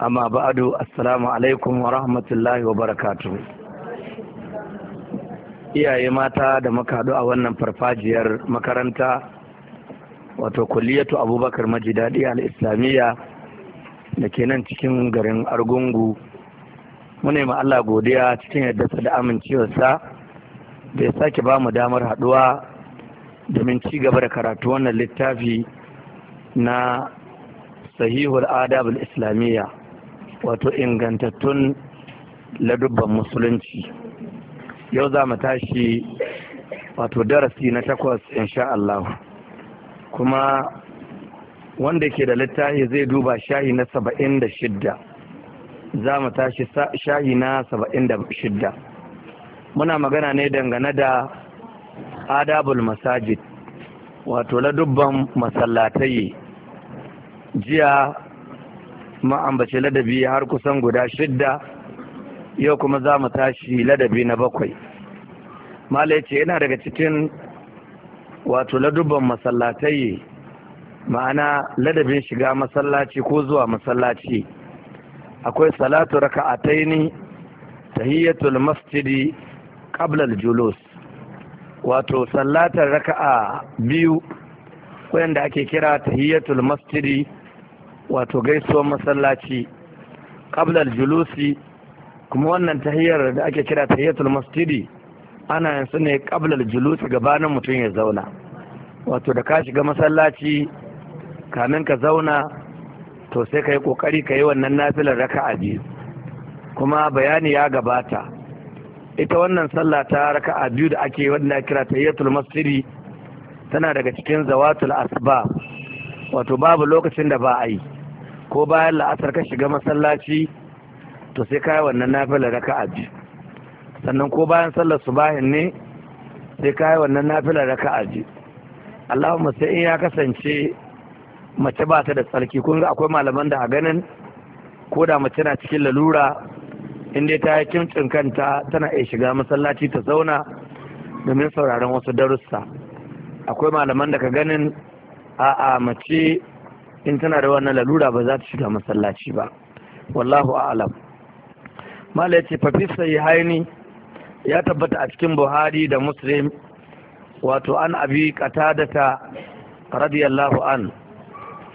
amma ba'adu assalamu alaikum wa rahmatullahi wa barakatu iyaye mata da muka haɗu a wannan farfajiyar makaranta wato kulliyatu abubakar majidadi al-islamiyya da ke nan cikin garin argungu muna ma Allah godiya cikin yardarsa da amincewarsa da ya sake ba mu damar haɗuwa domin ci gaba da karatu wannan littafi na sahihul adabul islamiyya wato ingantattun ladubban musulunci yau za mu tashi wato darasi na takwas insha Allah kuma wanda ke da littafi zai duba shahi na saba'in da shidda za mu tashi shahi na saba'in da shidda muna magana ne dangane da adabul masajid wato ladubban masallatai jiya ma ambace ladabi har kusan guda shidda yau kuma za mu tashi ladabi na bakwai mala ce yana daga cikin wato ladubban masallatai ma'ana ladabin shiga masallaci ko zuwa masallaci akwai salatu raka'ataini tahiyyatul masjidi qabla julus wato sallatar raka'a biyu wanda ake kira tahiyyatul masjidi wato gaisuwar masallaci kablar julusi kuma wannan tahiyar da ake kira tahiyatul masjidi ana yin su ne kablar julusi gabanin mutum ya zauna wato da ka shiga masallaci kamin ka zauna to sai ka yi kokari ka yi wannan nafilar a biyu kuma bayani ya gabata ita wannan sallah ta raka a biyu da ake wanda kira tahiyatul masjidi tana daga cikin zawatul asbab wato babu lokacin da ba a yi ko bayan la'asar ka shiga masallaci to sai ka wannan nafila raka'a biyu sannan ko bayan sallar subahin ne sai ka wannan nafila raka'a biyu Allahumma sai in ya kasance mace ba ta da tsarki kun ga akwai malaman da a ganin ko da mace na cikin lalura in dai ta yi kimcin kanta tana iya shiga masallaci ta zauna domin sauraron wasu darussa akwai malaman da ka ganin a'a mace in tana da wannan lalura ba za ta shiga masallaci ba wallahu a'lam mala yace fa fi sahihaini ya tabbata a cikin buhari da muslim wato an abi qatadata radiyallahu an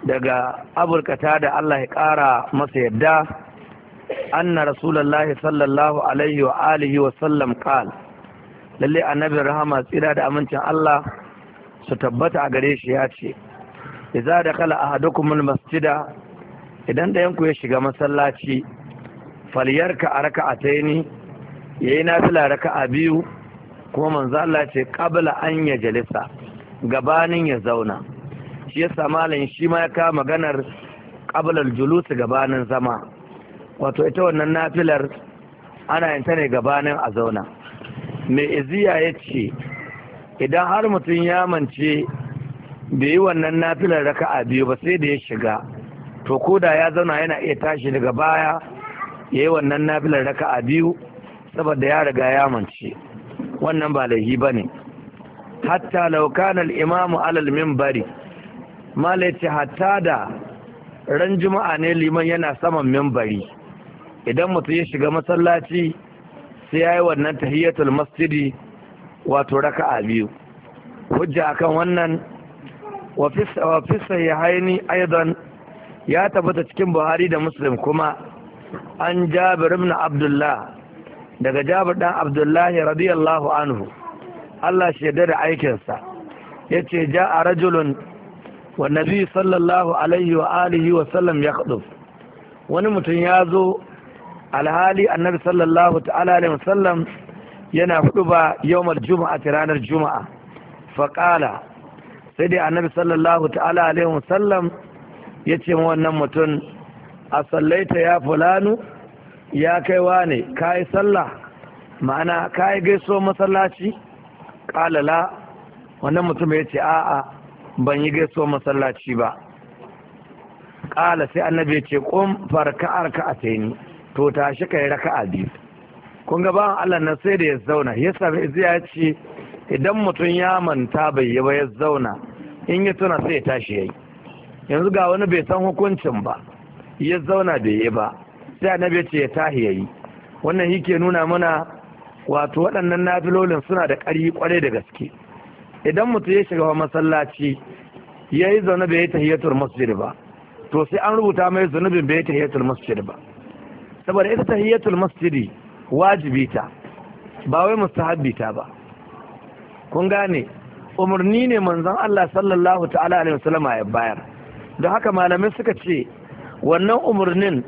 daga abul qatada Allah ya kara masa yadda anna rasulullahi sallallahu alaihi wa alihi wa sallam qala lalle annabi rahama tsira da amincin Allah su tabbata a gare shi ya ce da iza kala a kuma masjida idan da ku ya shiga masallaci falyarka ya yayi nafila a biyu kuma manzo Allah ce qabla an ya jalisa gabanin ya zauna shi yasa malam shi ma ya kama maganar kablar julusi gabanin zama wato ita wannan nafilar ana yin ta ne gabanin a zauna mai iziya ya ce idan har mutum ya mance bai yi wannan nafilar raka'a biyu ba sai da ya shiga to ko da ya zauna yana iya tashi daga baya ya yi wannan nafilar raka'a biyu saboda ya riga ya mance wannan ba laifi ba ne hatta laukan al'imamu alal mimbari malaici hatta da ran juma'a ne liman yana saman mimbari idan mutum ya shiga masallaci sai ya yi wannan tahiyatul masjidi wato raka'a biyu hujja akan wannan wa fi sahihaini aidan ya tabbata cikin Buhari da Muslim kuma an Jabir ibn Abdullah daga Jabir dan Abdullahi radiyallahu anhu Allah shi da aikinsa yace ja'a rajulun wa nabi sallallahu alaihi wa alihi wa sallam ya yakhduf wani mutum ya zo alhali annabi sallallahu ta'ala alaihi wa sallam yana hudu ba yawmar juma'a ranar juma'a faqala sai dai annabi sallallahu ta'ala alaihi wasallam ya ce ma wannan mutum a sallaita ya fulanu ya kai ne. ka yi sallah ma'ana ka yi gaiso masallaci ƙalala wannan mutum ya ce a'a ban yi gaiso masallaci ba ƙala sai annabi ya ce ƙun farka arka a taini to tashi ka yi raka'a biyu kun ga bawan allah na sai da ya zauna ya sami iziya ce idan mutum ya manta bai yi ba ya zauna in ya tuna sai ya tashi yayi yanzu ga wani bai san hukuncin ba ya zauna bai yi ba sai annabi ce ya tahi yayi wannan shi ke nuna mana wato waɗannan nafilolin suna da ƙari ƙwarai da gaske idan mutum ya shiga masallaci ya yi zaune bai yi tahiyatul masjid ba to sai an rubuta mai zunubin bai yi tahiyatul masjid ba saboda ita tahiyatul masjidi wajibi ta ba wai mustahabbi ta ba kun gane umarni ne manzon Allah sallallahu ta'ala alaihi wasallama ya bayar don haka malamai suka ce wannan umarnin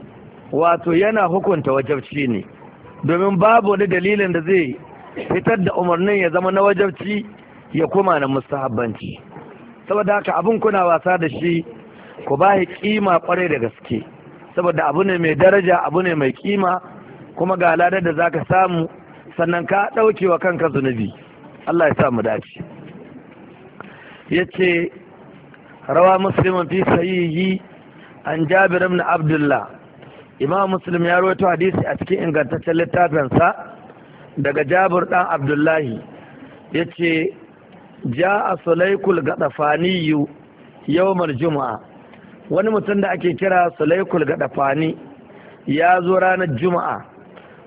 wato yana hukunta wajabci ne domin babu wani dalilin da zai fitar da umarnin ya zama na wajabci ya kuma na mustahabbanci saboda haka abin kuna wasa da shi ku ba kima kwarai da gaske saboda abu ne mai daraja abu ne mai kima kuma ga ladar da zaka samu sannan ka ɗauke wa kanka zunubi Allah ya sa mu dace yace rawa muslimin fi sahihi an jabir ibn abdullah imam muslim ya rawaito hadisi a cikin ingantaccen littafinsa daga jabir dan abdullahi yace ja'a sulaykul gadafani yawmar juma'a wani mutum da ake kira sulaykul gadafani ya zo ranar juma'a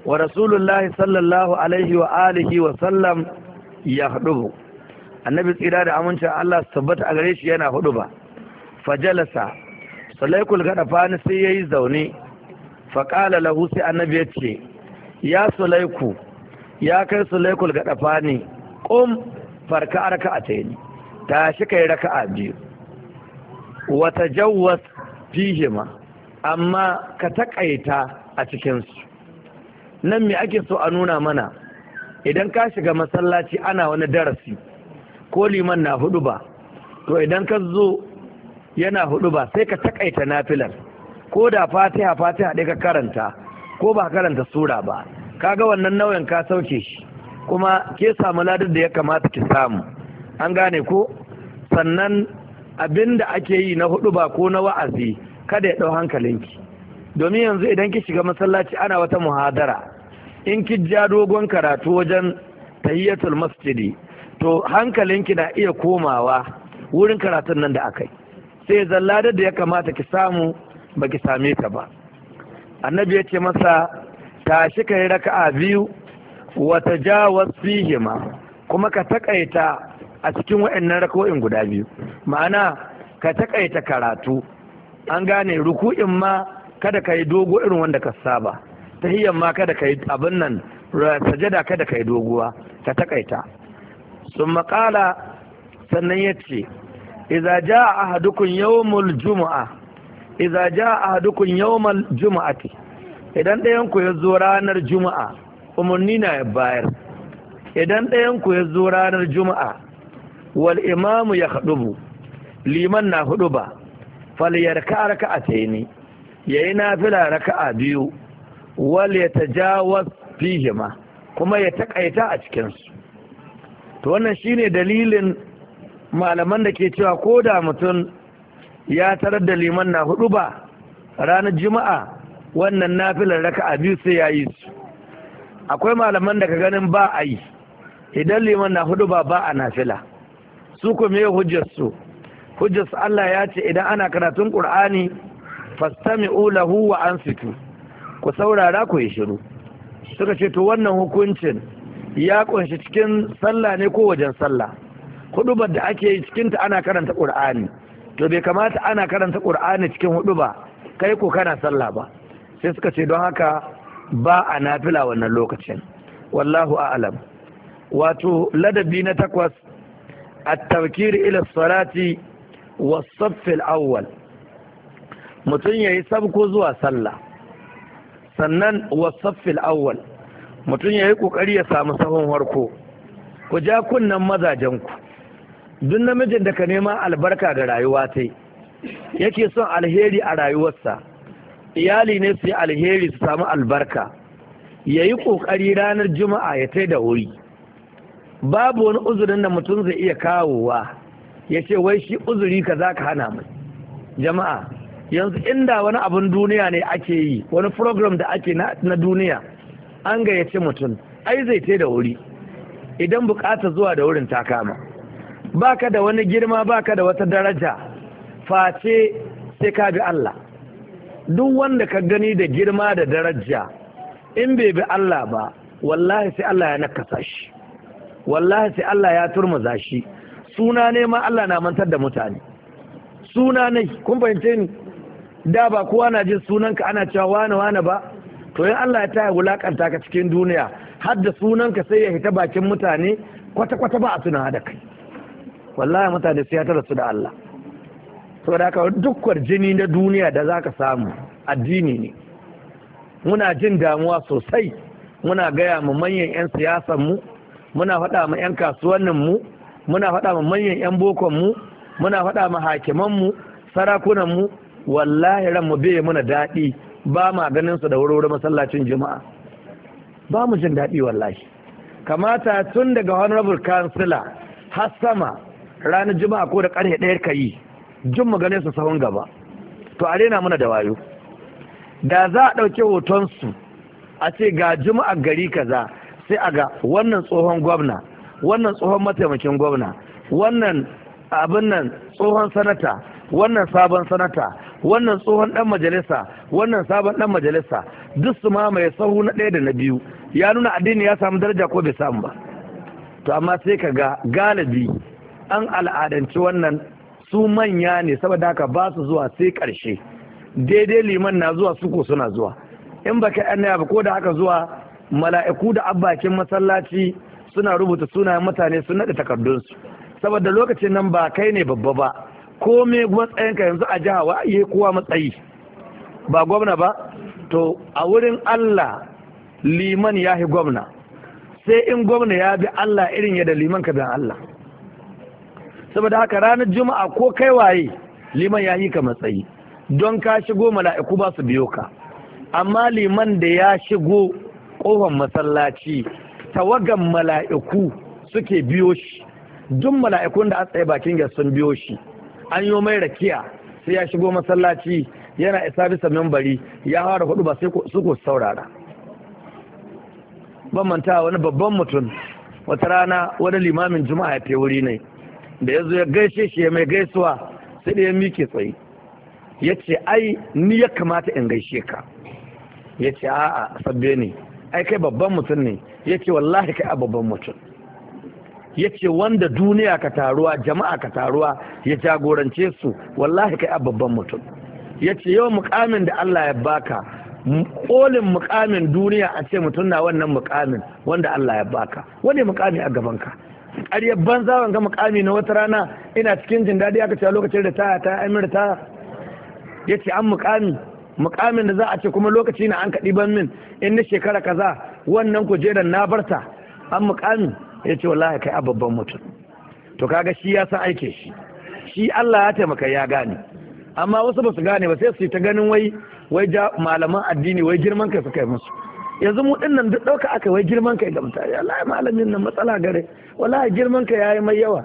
wa rasulullahi sallallahu alaihi wa alihi wa sallam ya hudu annabi tsira da amincin Allah su tabbata a gare shi yana hudu ba fajalasa gada fani sai ya yi zaune faƙala lahu sai annabi ya ce ya salaiku ya kai sulaikul gadafani ƙum farka a ta yi tashi kai a biyu wata jawwas fihima amma ka taƙaita a cikinsu nan me ake so a nuna mana idan ka shiga masallaci ana wani darasi ko liman na hudu ba to idan ka zo yana hudu ba sai ka takaita nafilar ko da fatiha fatiha ɗaya ka karanta ko ba karanta sura ba Ka ga wannan nauyin ka sauke shi kuma ke samu ladar da ya kamata ki samu an gane ko sannan abin da ake yi na hudu ba ko na wa'azi kada ya ɗau hankalinki domin yanzu idan ki shiga masallaci ana wata muhadara in ki ja dogon karatu wajen tahiyatul masjidi to hankalinki na iya komawa wurin karatun nan da aka yi sai zalladar da ya kamata ki samu baki same ta ba annabi ya ce masa tashi kai raka'a biyu wata tajawaz fihima kuma ka takaita a cikin waɗannan rako'in guda biyu ma'ana ka takaita karatu an gane ruku'in ma kada ka yi dogo irin wanda ka saba tahiyyan ma kada ka yi abin nan sajada kada ka yi doguwa ta takaita sun maƙala sannan ya ce iza ja hadukun yawmul juma'a iza ja ahadukum yawmul jumu'ati idan ɗayan ku ya zo ranar juma'a umarni na ya bayar idan ɗayan ku ya zo ranar juma'a wal imamu ya haɗubu liman na hudu ba fal yarka a ta yi ne yayi raka a biyu wal ya yatajawaz fihima kuma ya takaita a cikinsu. su to wannan shine dalilin malaman da ke cewa ko da mutum ya tarar da liman na hudu ba ranar juma'a wannan nafilar a biyu sai ya yi su akwai malaman da ka ganin ba a yi idan liman na hudu ba ba a nafila su kuma yi hujjarsu hujjarsu Allah ya ce idan ana karatun Kur'ani, fastami'u lahu wa ansitu ku saurara ku yi shiru suka ce to wannan hukuncin ya kunshi cikin sallah ne ko wajen sallah hudubar da ake yi cikinta ana karanta ƙur'ani to bai kamata ana karanta ƙur'ani cikin hudu ba kai ko kana sallah ba sai suka ce don haka ba a nafila wannan lokacin wallahu a'lam wato ladabi na takwas at-tawkir ila salati was-saff al-awwal mutum yayi sabko zuwa sallah sannan wasaffil awwal mutum ya yi ƙoƙari ya samu sahun harko ku ja kunnan mazajenku duk namijin da ka nema albarka ga rayuwa ta yake son alheri a rayuwarsa iyali ne su yi alheri su samu albarka ya yi ƙoƙari ranar juma'a ya tai da wuri babu wani uzurin da mutum zai iya kawowa ya ce wai shi uzuri ka za ka hana mai jama'a yanzu inda wani abin duniya ne ake yi wani program da ake na duniya an gayyace mutum ai zai te da wuri idan bukata zuwa da wurin ta kama baka da wani girma baka da wata daraja face sai ka bi Allah duk wanda ka gani da girma da daraja in bai bi Allah ba wallahi sai Allah ya nakasa shi wallahi sai Allah ya turmuza shi suna ne ma Allah na mantar da mutane suna ne kun fahimce ni da ba kowa na jin sunanka ana cewa wane wane ba to in Allah ya taya wulakanta ka cikin duniya har da sunanka sai ya hita bakin mutane kwata kwata ba a tuna da kai wallahi mutane sai ya tara su da Allah To da haka dukkan jini na duniya da za ka samu addini ne muna jin damuwa sosai muna gaya ma manyan 'yan siyasan mu muna faɗa ma 'yan kasuwannin mu muna faɗa ma manyan 'yan bokon mu muna faɗa ma hakiman mu sarakunan mu wallahi ran mu bai muna daɗi ba ma ganin su da wuri masallacin juma'a ba mu jin daɗi wallahi kamata tun daga honorable kansila har sama ranar juma'a ko da ƙarfe ɗaya ka yi jin mu ganin su sahun gaba to a rena muna da wayo da za a ɗauki hotonsu a ce ga juma'a gari kaza sai a ga wannan tsohon gwamna wannan tsohon mataimakin gwamna wannan abin nan tsohon sanata wannan sabon sanata wannan tsohon dan majalisa wannan sabon dan majalisa duk su mamaye sahu na ɗaya da na biyu ya nuna addini ya samu daraja ko bai samu ba to amma sai ka ga galibi an al'adanci wannan su manya ne saboda haka ba su zuwa sai ƙarshe daidai liman na zuwa ko suna zuwa in baka annaya ba ko da haka zuwa mala'iku da abbakin masallaci suna rubuta sunayen mutane sun naɗe takardunsu saboda lokacin nan ba kai ne babba ba kome matsayinka yanzu a jiha wa yi kowa matsayi ba gwamna ba to a wurin Allah liman ya yi gwamna sai in gwamna ya bi Allah irin yadda liman ka bin Allah saboda haka ranar juma'a ko kai waye liman ya yi ka matsayi don ka shigo mala'iku ba su biyo ka amma liman da ya shigo kofar masallaci tawagan mala'iku suke biyo shi duk mala'ikun da a tsaye bakin gasar sun biyo shi an yi mai rakiya sai ya shigo masallaci yana isa bisa membari ya hawa hudu ba sai suku saurara ban manta wani babban mutum wata rana wani limamin juma'a ya wuri ne da ya zo ya gaishe shi ya mai gaisuwa sai da ya mike tsaye ya ce ai ni ya kamata in gaishe ka ya ce a'a sabbe ne ai kai babban mutum ne ya ce wallahi kai a babban mutum ya ce wanda duniya ka taruwa jama'a ka taruwa ya jagorance su wallahi kai babban mutum ya ce yawan mukamin da Allah ya baka kolin mukamin duniya a ce mutum na wannan mukamin wanda Allah ya baka wani mukami a gabanka ƙaryar banza wanga mukami na wata rana ina cikin jin daɗi aka ce lokacin da ta ta amir ta ya ce an mukami mukamin da za a ce kuma lokaci na an kaɗi ban min in na shekara kaza wannan kujerar na barta an mukami ya ce wallahi kai a babban mutum to kaga shi ya san aike shi shi Allah ya taimaka ya gane amma wasu ba su gane ba sai su ta ganin wai wai malaman addini wai girman kai suka yi musu yanzu mu dinnan duk dauka aka wai girman kai ga mutane wallahi malamin nan matsala gare wallahi girman kai yayi mai yawa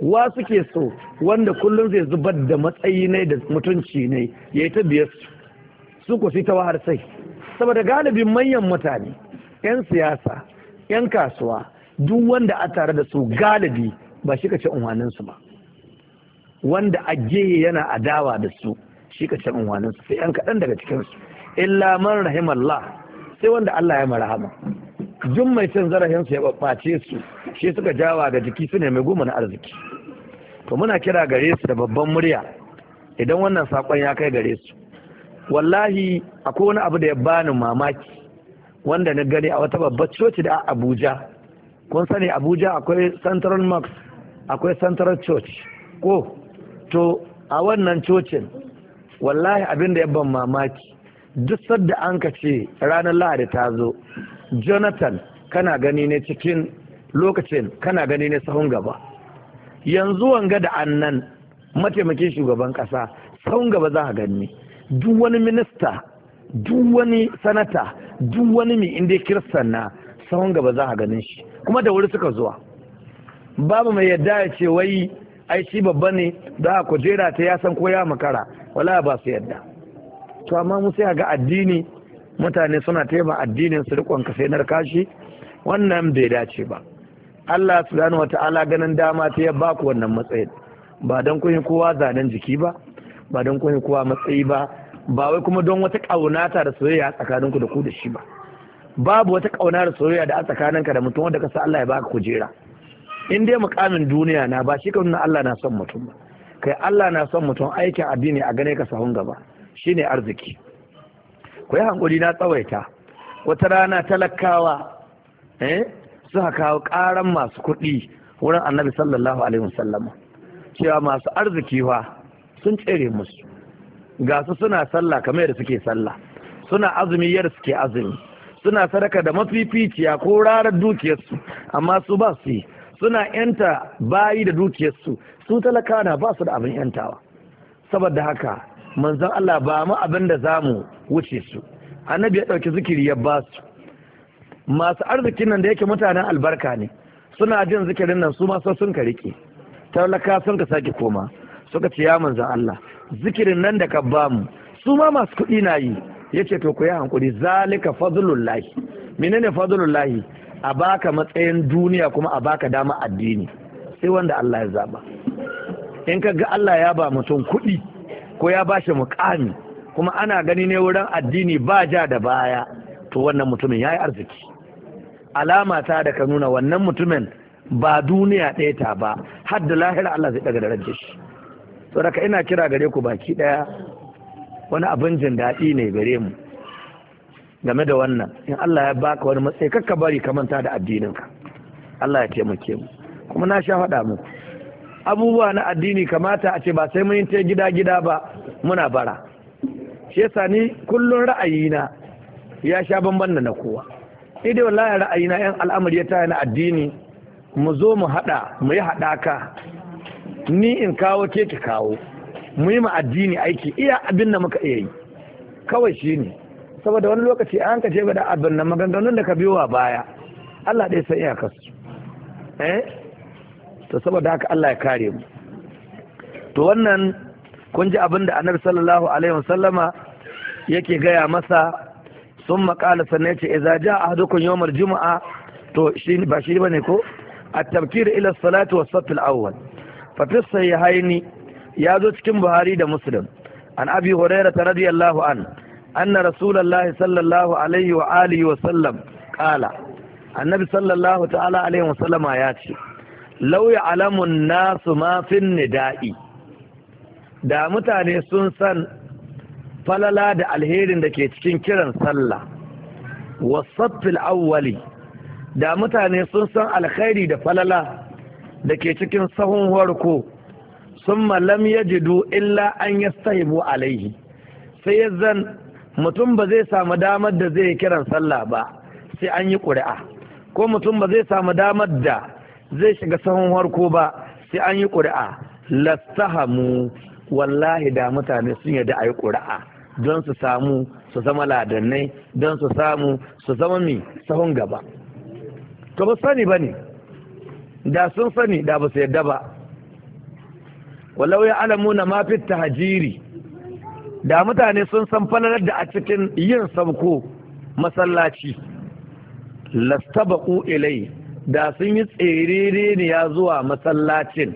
wa suke so wanda kullum zai zubar da matsayi ne da mutunci ne yayi ta biyar su su sai ta wahar sai saboda galibin manyan mutane 'yan siyasa 'yan kasuwa duk wanda a tare da su galibi ba shi kace ci unwaninsu ba wanda a geye yana adawa da su shi ka ci unwaninsu sai yan kaɗan daga cikinsu illa man rahimallah sai wanda Allah ya marhama jin mai cin su ya babbace su shi suka jawa ga jiki su ne mai goma na arziki to muna kira gare su da babban murya idan wannan sakon ya kai gare su wallahi akwai wani abu da ya bani mamaki wanda na gani a wata babbar coci da Abuja kun sani abuja akwai central mosque akwai central church ko to a wannan cocin wallahi abin da ya ban mamaki duk sadda an ka ce ranar lahadi ta zo jonathan kana gani ne cikin lokacin kana gani ne sahun gaba yanzu wanga da annan mataimakin shugaban kasa sahun gaba za a gani duk wani minista duk wani sanata duk wani mai inda kiristan na sahun gaba za a ganin shi kuma da wuri suka zuwa babu mai yadda ya ce wai ai shi babba ne da a kujera ta ya san ko ya makara wala ba su yadda to amma mu sai ga addini mutane suna taimaka addinin su rikon kasai narkashi wannan bai dace ba Allah subhanahu wata'ala ganin dama ta ya ba ku wannan matsayin ba don kun kowa zanen jiki ba ba don kun kowa matsayi ba ba wai kuma don wata ƙaunata da soyayya tsakaninku da ku da shi ba babu wata kauna da soyayya da a tsakaninka da mutum wanda kasa Allah ya baka kujera in dai mukamin duniya na ba shi ka nuna Allah na son mutum ba kai Allah na son mutum aikin addini a gane ka sahun gaba shine arziki ku yi hankuli na tsawaita wata rana talakawa eh suka kawo karan masu kuɗi wurin annabi sallallahu alaihi wasallam cewa masu arziki fa sun tsere musu ga su suna sallah kamar yadda suke sallah suna azumi yadda suke azumi suna sadaka da mafificiya ko rarar dukiyarsu amma su ba su yi suna yanta bayi da dukiyarsu su talaka na ba su da abin yantawa saboda haka manzon Allah ba mu abin da zamu wuce su annabi ya dauki zikiri ya ba su masu arzikin nan da yake mutanen albarka ne suna jin zikirin nan su ma sun ka rike talaka sun ka sake koma suka ce ya manzon Allah zikirin nan da ka bamu su ma masu kuɗi na yi Ya ce to ku yi hankuri zalika fadlullahi menene fadlullahi a baka matsayin duniya kuma a baka dama addini sai wanda Allah ya zaba in ka ga Allah ya ba mutum kuɗi ko ya ba shi mukami kuma ana gani ne wurin addini ba ja da baya to wannan mutumin ya yi arziki alama ta da ka nuna wannan mutumin ba duniya ɗaya ta ba har da lahira Allah zai daga da rage shi to ina kira gare ku baki ɗaya wani abin jin daɗi ne gare mu game da wannan in Allah ya baka wani matsayi kakka bari ka manta da addininka Allah ya taimake mu kuma na sha faɗa mu abubuwa na addini kamata a ce ba sai mun ta gida gida ba muna bara shi yasa ni kullun ra'ayina ya sha bamban da na kowa ni dai wallahi ra'ayina yan al'amari ya taya na addini mu zo mu haɗa mu yi haɗaka ni in kawo ke ki kawo mu yi ma addini aiki iya abin da muka iya yi kawai shi ne saboda wani lokaci an ka jefa da abin nan maganganun da ka biyo wa baya Allah ɗaya san iyakarsu eh to saboda haka Allah ya kare mu to wannan kun ji abin da annabi sallallahu alaihi wasallama yake gaya masa sun maƙala sannan ya ce idza jaa ahadukum yawmal jumu'a to shi ba shi bane ko A tabkir ila salati was-saff awwal fa fi ya zo cikin buhari da muslim an abi huraira ta radiyallahu an anna rasulullahi sallallahu alaihi wa alihi wa sallam kala annabi sallallahu ta'ala alaihi wa sallama ya ce law ya'lamu nasu ma fin nida'i da mutane sun san falala da alherin da ke cikin kiran sallah wasaffil awwali da mutane sun san alkhairi da falala da ke cikin sahun warko summa lam yajidu illa an yastahibu alaihi sai ya mutum ba zai samu damar da zai kiran sallah ba sai an yi ƙuri'a ko mutum ba zai samu damar da zai shiga sahun harko ba sai an yi ƙuri'a lastahamu wallahi da mutane sun yarda a yi ƙuri'a don su samu su zama ladannai don su samu su zama mi sahun gaba to ba sani ba ne da sun sani da ba su yarda ba walau ya alamu na mafi tahajiri da mutane sun san fanar da a cikin yin sauko masallaci lastabaku ilai da sun yi tserere ne ya zuwa masallacin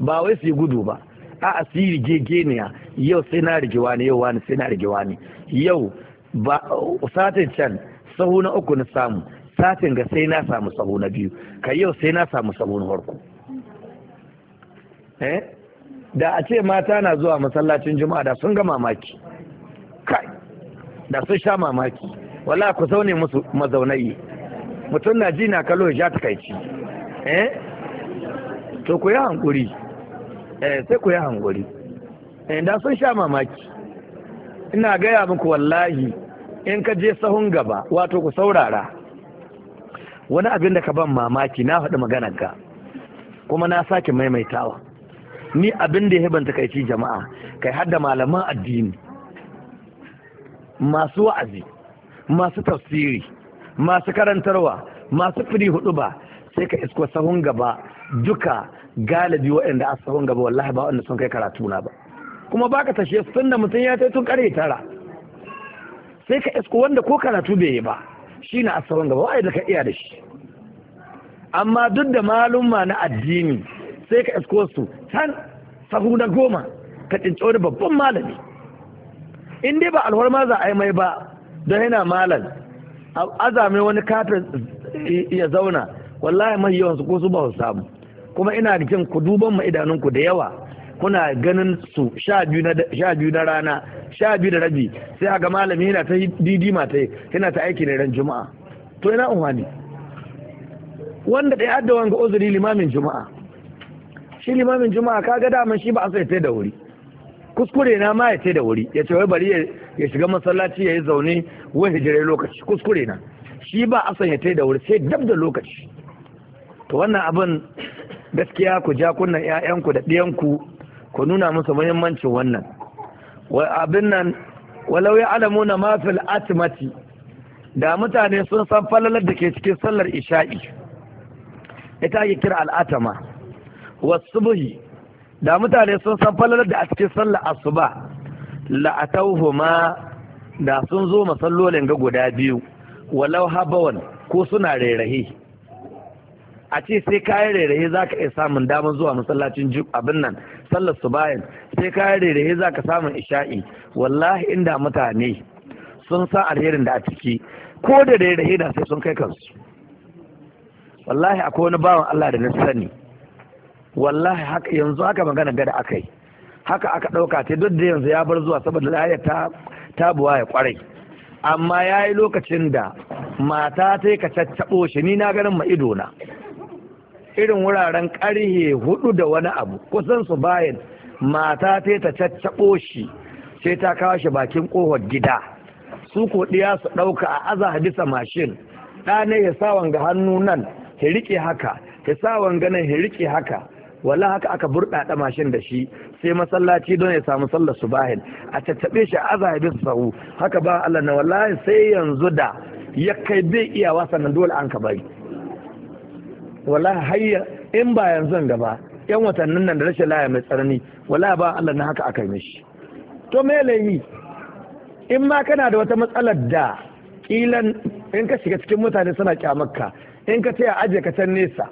ba wai su yi gudu ba a asiri gegeniya yau sai na rigewa ne yau wani sai na rigewa ne yau ba satin can sahu na uku na samu satin ga sai na samu sahu na biyu Ka yau sai na samu sahu na farko eh da a ce mata na zuwa masallacin juma'a da sun ga mamaki kai da sun sha mamaki wala ku zaune musu mazaunayi mutum na ji na kalo ya ci eh to ku yi hankuri eh sai ku yi hankuri eh da sun sha mamaki ina gaya muku wallahi in ka je sahun gaba wato ku saurara wani abin da ka ban mamaki na faɗi maganar ga kuma na sake maimaitawa ni abin da ya ban takaici jama'a kai hadda malaman addini masu wa'azi masu tafsiri masu karantarwa masu firi hudu ba sai ka isko sahun gaba duka galibi waɗanda a sahun gaba wallahi ba wanda sun kai karatu na ba kuma baka tashe sun da mutum ya tun kare tara sai ka isko wanda ko karatu bai yi ba shi na a sahun gaba wa'ai da ka iya da shi amma duk da malumma na addini sai ka isko su can sahu na goma ka tsinci wani babban malami in dai ba ma za a yi mai ba don yana malam azame wani kafin ya zauna wallahi mai yawan su ko su ba su samu kuma ina jin ku duban ma idanunku da yawa kuna ganin su sha biyu na rana sha biyu da rabi sai a ga malami yana ta didima ta yana ta aiki ne ran juma'a to ina unwani wanda ɗaya adda wanga uzuri limamin juma'a shi limamin juma'a kaga daman shi ba a sai da wuri kuskure na ma ya ce da wuri ya ce wai bari ya shiga masallaci ya yi zaune wai hijira lokaci kuskure na shi ba a ya ta da wuri sai dab da lokaci to wannan abin gaskiya ku ja kunnan 'ya'yanku da ɗiyanku ku nuna musu muhimmancin wannan abin nan walau ya alamu na mafil atimati da mutane sun san falalar da ke cikin sallar isha'i ita ake kira al'atama wasubuhi da mutane sun san falalar da a cikin sallar asuba ta'uhuma da sun zo masallolin ga guda biyu walau habawan ko suna rairahi a ce sai kayan rairahi za ka iya samun damar zuwa masallacin abin nan sallar su bayan sai kayan rairahi za ka samun isha'i wallahi inda mutane sun san alherin da a ciki ko da rairahi da sai sun kai kansu wallahi akwai wani bawan Allah da na sani wallahi haka yanzu haka magana gada aka yi haka aka ɗauka ta duk da yanzu ya bar zuwa saboda layar ta ya kwarai amma ya yi lokacin da mata ta ka caccaɓo shi ni na ganin ma ido na irin wuraren ƙarhe hudu da wani abu kusan su bayan mata ta ta caccaɓo shi sai ta kawo shi bakin ƙofar gida su ko ɗiya su ɗauka a aza hadisa mashin Ɗanai ya sa wanga hannu nan ya riƙe haka ya sa wanga nan ya riƙe haka wala haka aka burɗaɗa mashin da shi sai masallaci don ya samu sallar subahin a tattaɓe shi a zahabi sahu haka ba Allah na wallahi sai yanzu da ya kai bai iyawa nan dole an ka bari wallahi hayya in ba yanzu gaba yan watannin nan da rashin laya mai tsanani wallahi ba Allah na haka aka yi mishi to me in ma kana da wata matsalar da kilan in ka shiga cikin mutane suna kyamarka in ka taya aje ka nesa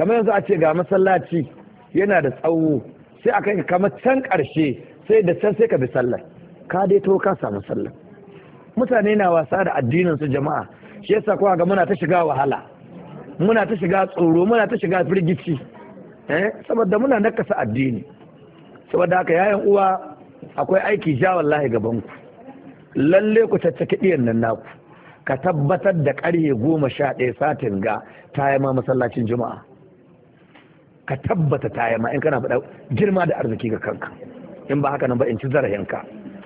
kamar yanzu a ce ga masallaci yana da tsawo sai a kai kamar can karshe sai da can sai ka bi sallar ka dai to ka samu sallar mutane na wasa da addinin su jama'a shi yasa kuwa ga muna ta shiga wahala muna ta shiga tsoro muna ta shiga firgici eh saboda muna nakasa addini saboda haka yayan uwa akwai aiki ja wallahi gaban ku lalle ku caccaki ɗiyan nan naku ka tabbatar da ƙarhe goma sha ɗaya satin ga ta yi ma masallacin juma'a ka tabbata ta yi in kana faɗa girma da arziki ga kanka in ba haka nan ba in ci zarafinka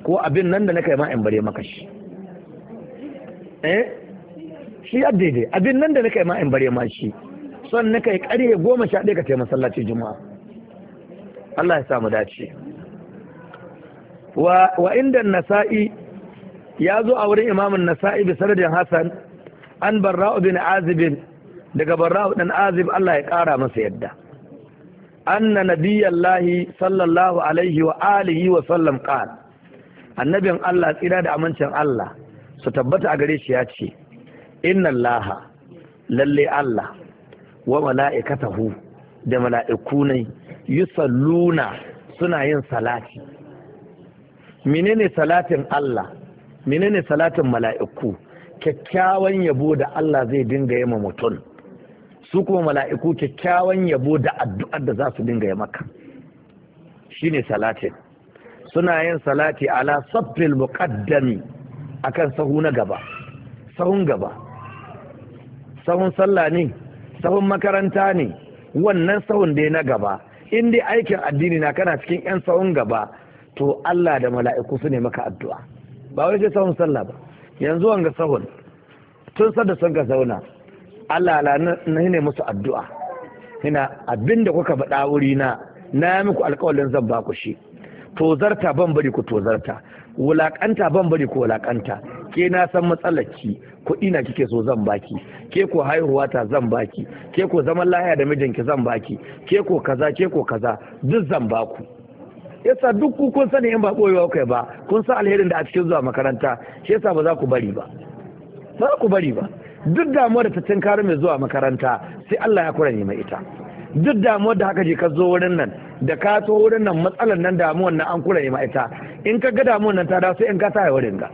ko abin nan da na kai ma in bare maka shi eh shi ya daidai abin nan da na kai ma in bare ma shi son na kai ƙarye goma sha ɗaya ka taimaka masallaci juma'a Allah ya samu dace wa wa inda nasa'i ya zo a wurin imamin nasa'i bi sanadin hasan an barra'u bin azib daga barra'u dan azib Allah ya ƙara masa yadda anna lahi, sallallahu alaihi wa alihi wa sallam qal annabin Allah tsira da amincin Allah su tabbata a gare shi ya ce inna laha lalle Allah wa mala'ikatahu da mala'iku ne yusalluna suna yin salati menene salatin Allah menene salatin mala'iku kyakkyawan yabo da Allah zai dinga yi mutum su kuma mala'iku kyakkyawan yabo da addu'ar da za su dinga ya maka Shi ne salatin suna yin salati ala muƙaddami muqaddami akan sahu na gaba sahun gaba sahun sallah ne sahun makaranta ne wannan sahun dai na gaba in dai aikin addini na kana cikin yan sahun gaba to Allah da mala'iku su ne maka addu'a ba wai sai sahun sallah ba yanzu wanga sahun tun sada sun ka zauna Allah na ne musu addu'a ina abinda kuka faɗa wuri na na muku alƙawarin zan ba ku shi tozarta ban bari ku tozarta wulaƙanta ban bari ku wulaƙanta ke na san ki kuɗi na kike so zan baki ke ko haihuwa ta zan baki ke ko zaman lahiya da mijinki zan baki ke ko kaza ke ko kaza duk zan baku yasa duk ku kun sani in ba ɓoyewa kai ba kun san alherin da a cikin zuwa makaranta shi yasa ba za ku bari ba ba ku bari ba duk damuwa da ta tinkari mai zuwa makaranta sai Allah ya kura mai ita duk damuwa da haka je ka zo wurin nan da ka so wurin nan matsalar nan damuwar nan an yi mai ita in ka ga damuwar nan ta da sai in ka tsaya wurin ga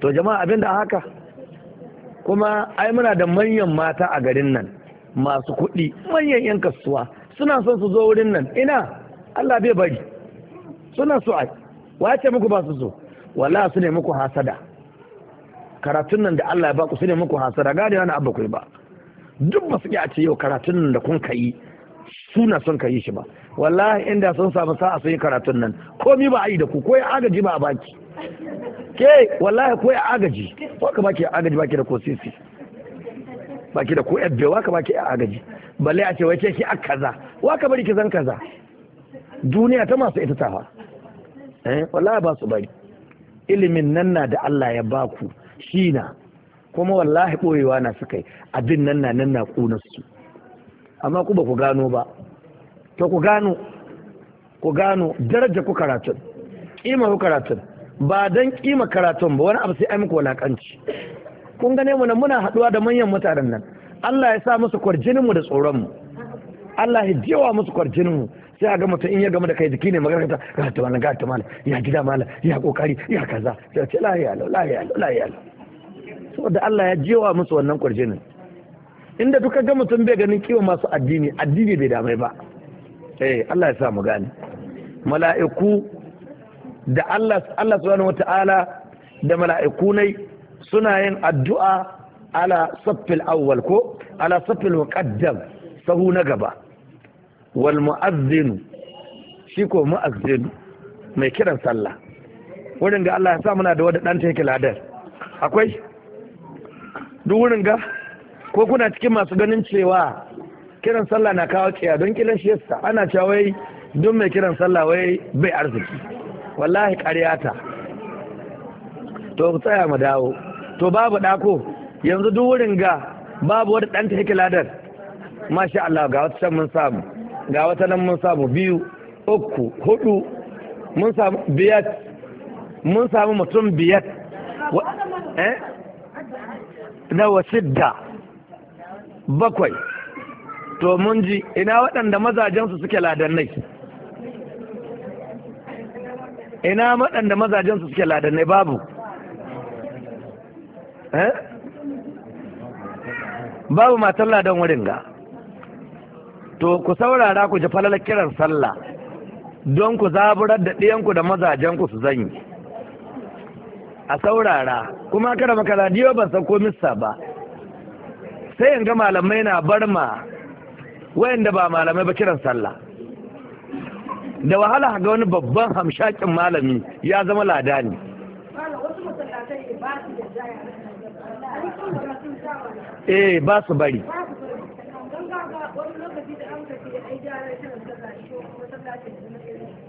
to jama'a abin da haka kuma ai muna da manyan mata a garin nan masu kuɗi manyan 'yan kasuwa suna son su zo wurin nan ina Allah bai bari suna so ai wace muku ba su so wala su ne muku hasada karatun nan da Allah ya baku su ne muku hasara gane wani abu kai ba duk ba su a ce yau karatun nan da kun kai suna son ka yi shi ba wallahi inda sun samu sa'a sun yi karatun nan komi ba a yi da ku ko ya agaji ba a baki ke wallahi ko ya agaji ko ka baki agaji baki da ko sisi baki da ko ebbe wa ka baki agaji balle a ce wai ke ki a kaza wa ka bari ki zan kaza duniya ta masu ita tawa eh wallahi ba su bari ilimin nan na da Allah ya baku shi kuma wallahi ɓoyewa na suka yi abin nan na nan na ƙunarsu amma ku ba ku gano ba to ku gano ku gano daraja ku karatun kima ku karatun ba don kima karatun ba wani abu sai ai muku walakanci kun gane mu muna haɗuwa da manyan mutanen nan Allah ya sa musu kwarjininmu da tsoronmu Allah ya jewa musu kwarjininmu sai a ga mutum in ya gama da kai jiki ne magana ta ga ta mana ga ta mana ya gida mana ya kokari ya kaza ta ce lahiya lau lahiya lahiya saboda Allah ya jewa musu wannan kwarjinin inda duka ga mutum bai ganin kiwon masu addini addini bai damai ba eh Allah ya sa mu gane mala'iku da Allah Allah subhanahu wata'ala da mala'iku nai suna yin addu'a ala saffil awwal ko ala saffil muqaddam sahu na gaba wal mu'azzin shi ko mu'azzin mai kiran sallah wurin ga Allah ya sa muna da wadda yake ladar akwai duk wurin ga ko kuna cikin masu ganin cewa kiran sallah na kawo kiya don kilan shi yasa ana cewa wai mai kiran sallah wai bai arziki wallahi ƙaryata to ku tsaya mu dawo to babu dako yanzu duk wurin ga babu wani ɗan ta hikila ladar masha Allah ga wata mun samu ga wata nan mun samu biyu uku hudu mun samu biyat mun samu mutum biyar eh nawa sidda bakwai to mun ji ina waɗanda mazajensu suke ladannai ina waɗanda mazajensu suke ladannai babu eh? babu matan ladan wurin ga to ku saurara ku ji falalar kiran sallah don ku zaburar da ɗiyanku da mazajenku su zanyi a saurara kuma kada maka radiyo ban san ko ba sai in ga malamai na bar barma wayanda ba malamai ba kiran sallah da wahala ga wani babban hamshakin malami ya zama ladani eh ba su bari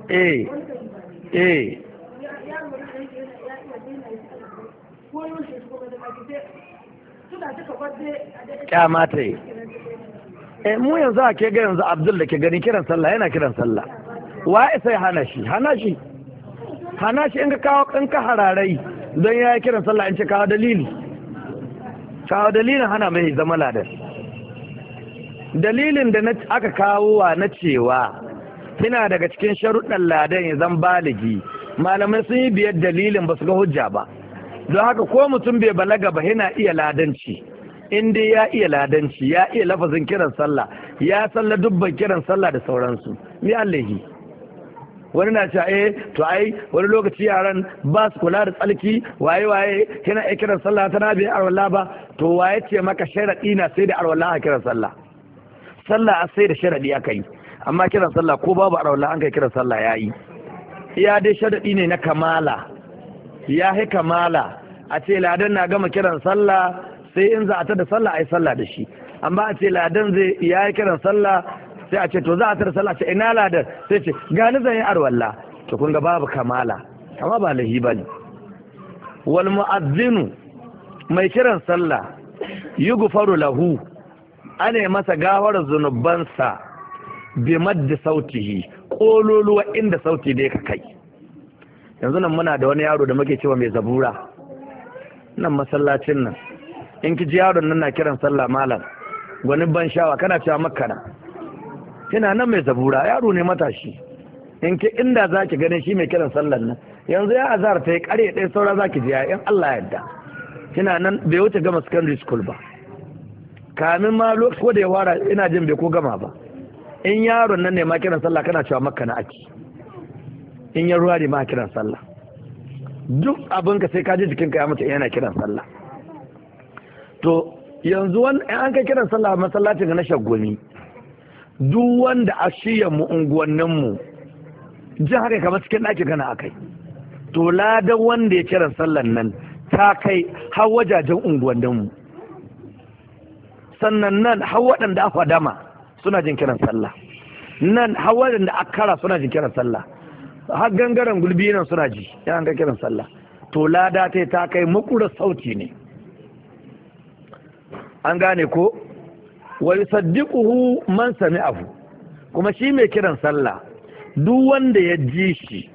eh eh kyama ta yi eh, mu yanzu a ke ga yanzu abdul da ke gani kiran sallah yana kiran sallah wa isa ya hana shi hana shi hana shi in ka kawo ka hararai don ya yi kiran sallah in ce kawo dalili kawo dalilin hana mai zama ladan dalilin da aka kawo wa na cewa yana daga cikin sharuɗan ladan ya zan baligi malamai sun yi biyar dalilin ba su ga hujja ba don haka ko mutum bai balaga ba yana iya ladanci in dai ya iya ladanci ya iya lafazin kiran sallah ya salla dubban kiran sallah da sauransu ni allahi wani na cewa eh, to ai wani lokaci yaran ba su kula da tsalki waye waye yana iya kiran sallah tana bai arwala ba to waye ce maka sharadi na sai da arwala a kiran sallah sallah a sai da sharadi aka yi amma kiran sallah ko babu arwala an kai kiran sallah yayi iya dai sharadi ne na kamala ya hi kamala a ce ladan na gama kiran sallah sai in za a tada sallah a yi sallah da shi amma a ce ladan zai ya yi kiran sallah sai a ce to za a tada sallah ce ina ladan sai ce gani zan yi arwalla to kun ga babu kamala amma ba lahi bane wal mu'azzinu mai kiran sallah yi gufaru lahu ana masa gawar zunubansa bi maddi sautihi kololuwa inda sauti da ka kai yanzu nan muna da wani yaro da muke cewa mai zabura nan masallacin nan in ki ji yaron nan na kiran sallah malam gwanin ban shawa kana cewa makkana tana nan mai zabura yaro ne matashi in ki inda za ki ganin shi mai kiran sallar nan yanzu ya azar ta yi kare ɗaya saura za ki ji in Allah yadda kina nan bai wuce gama secondary school ba kamin ma lokaci ko da ya fara ina jin bai ko gama ba in yaron nan ne ma kiran sallah kana cewa makka na aki in yi ruwa ma kiran sallah duk abin ka sai kaji jikin jikinka ya mutu yana kiran sallah to yanzu in an kai kiran sallah masallacin na shagwani duk wanda a shiyan mu unguwannin mu jin haka kamar cikin ɗaki a akai to ladan wanda ya kiran sallan nan ta kai har wajajen unguwannin mu sannan nan har waɗanda aka dama suna jin kiran sallah nan har waɗanda aka kara suna jin kiran sallah har gangaren gulbi nan suna ji ya ga kiran sallah to lada ta ta kai makura sauti ne an gane ko wa yusaddiquhu man sami'ahu kuma shi mai kiran sallah duk wanda ya ji shi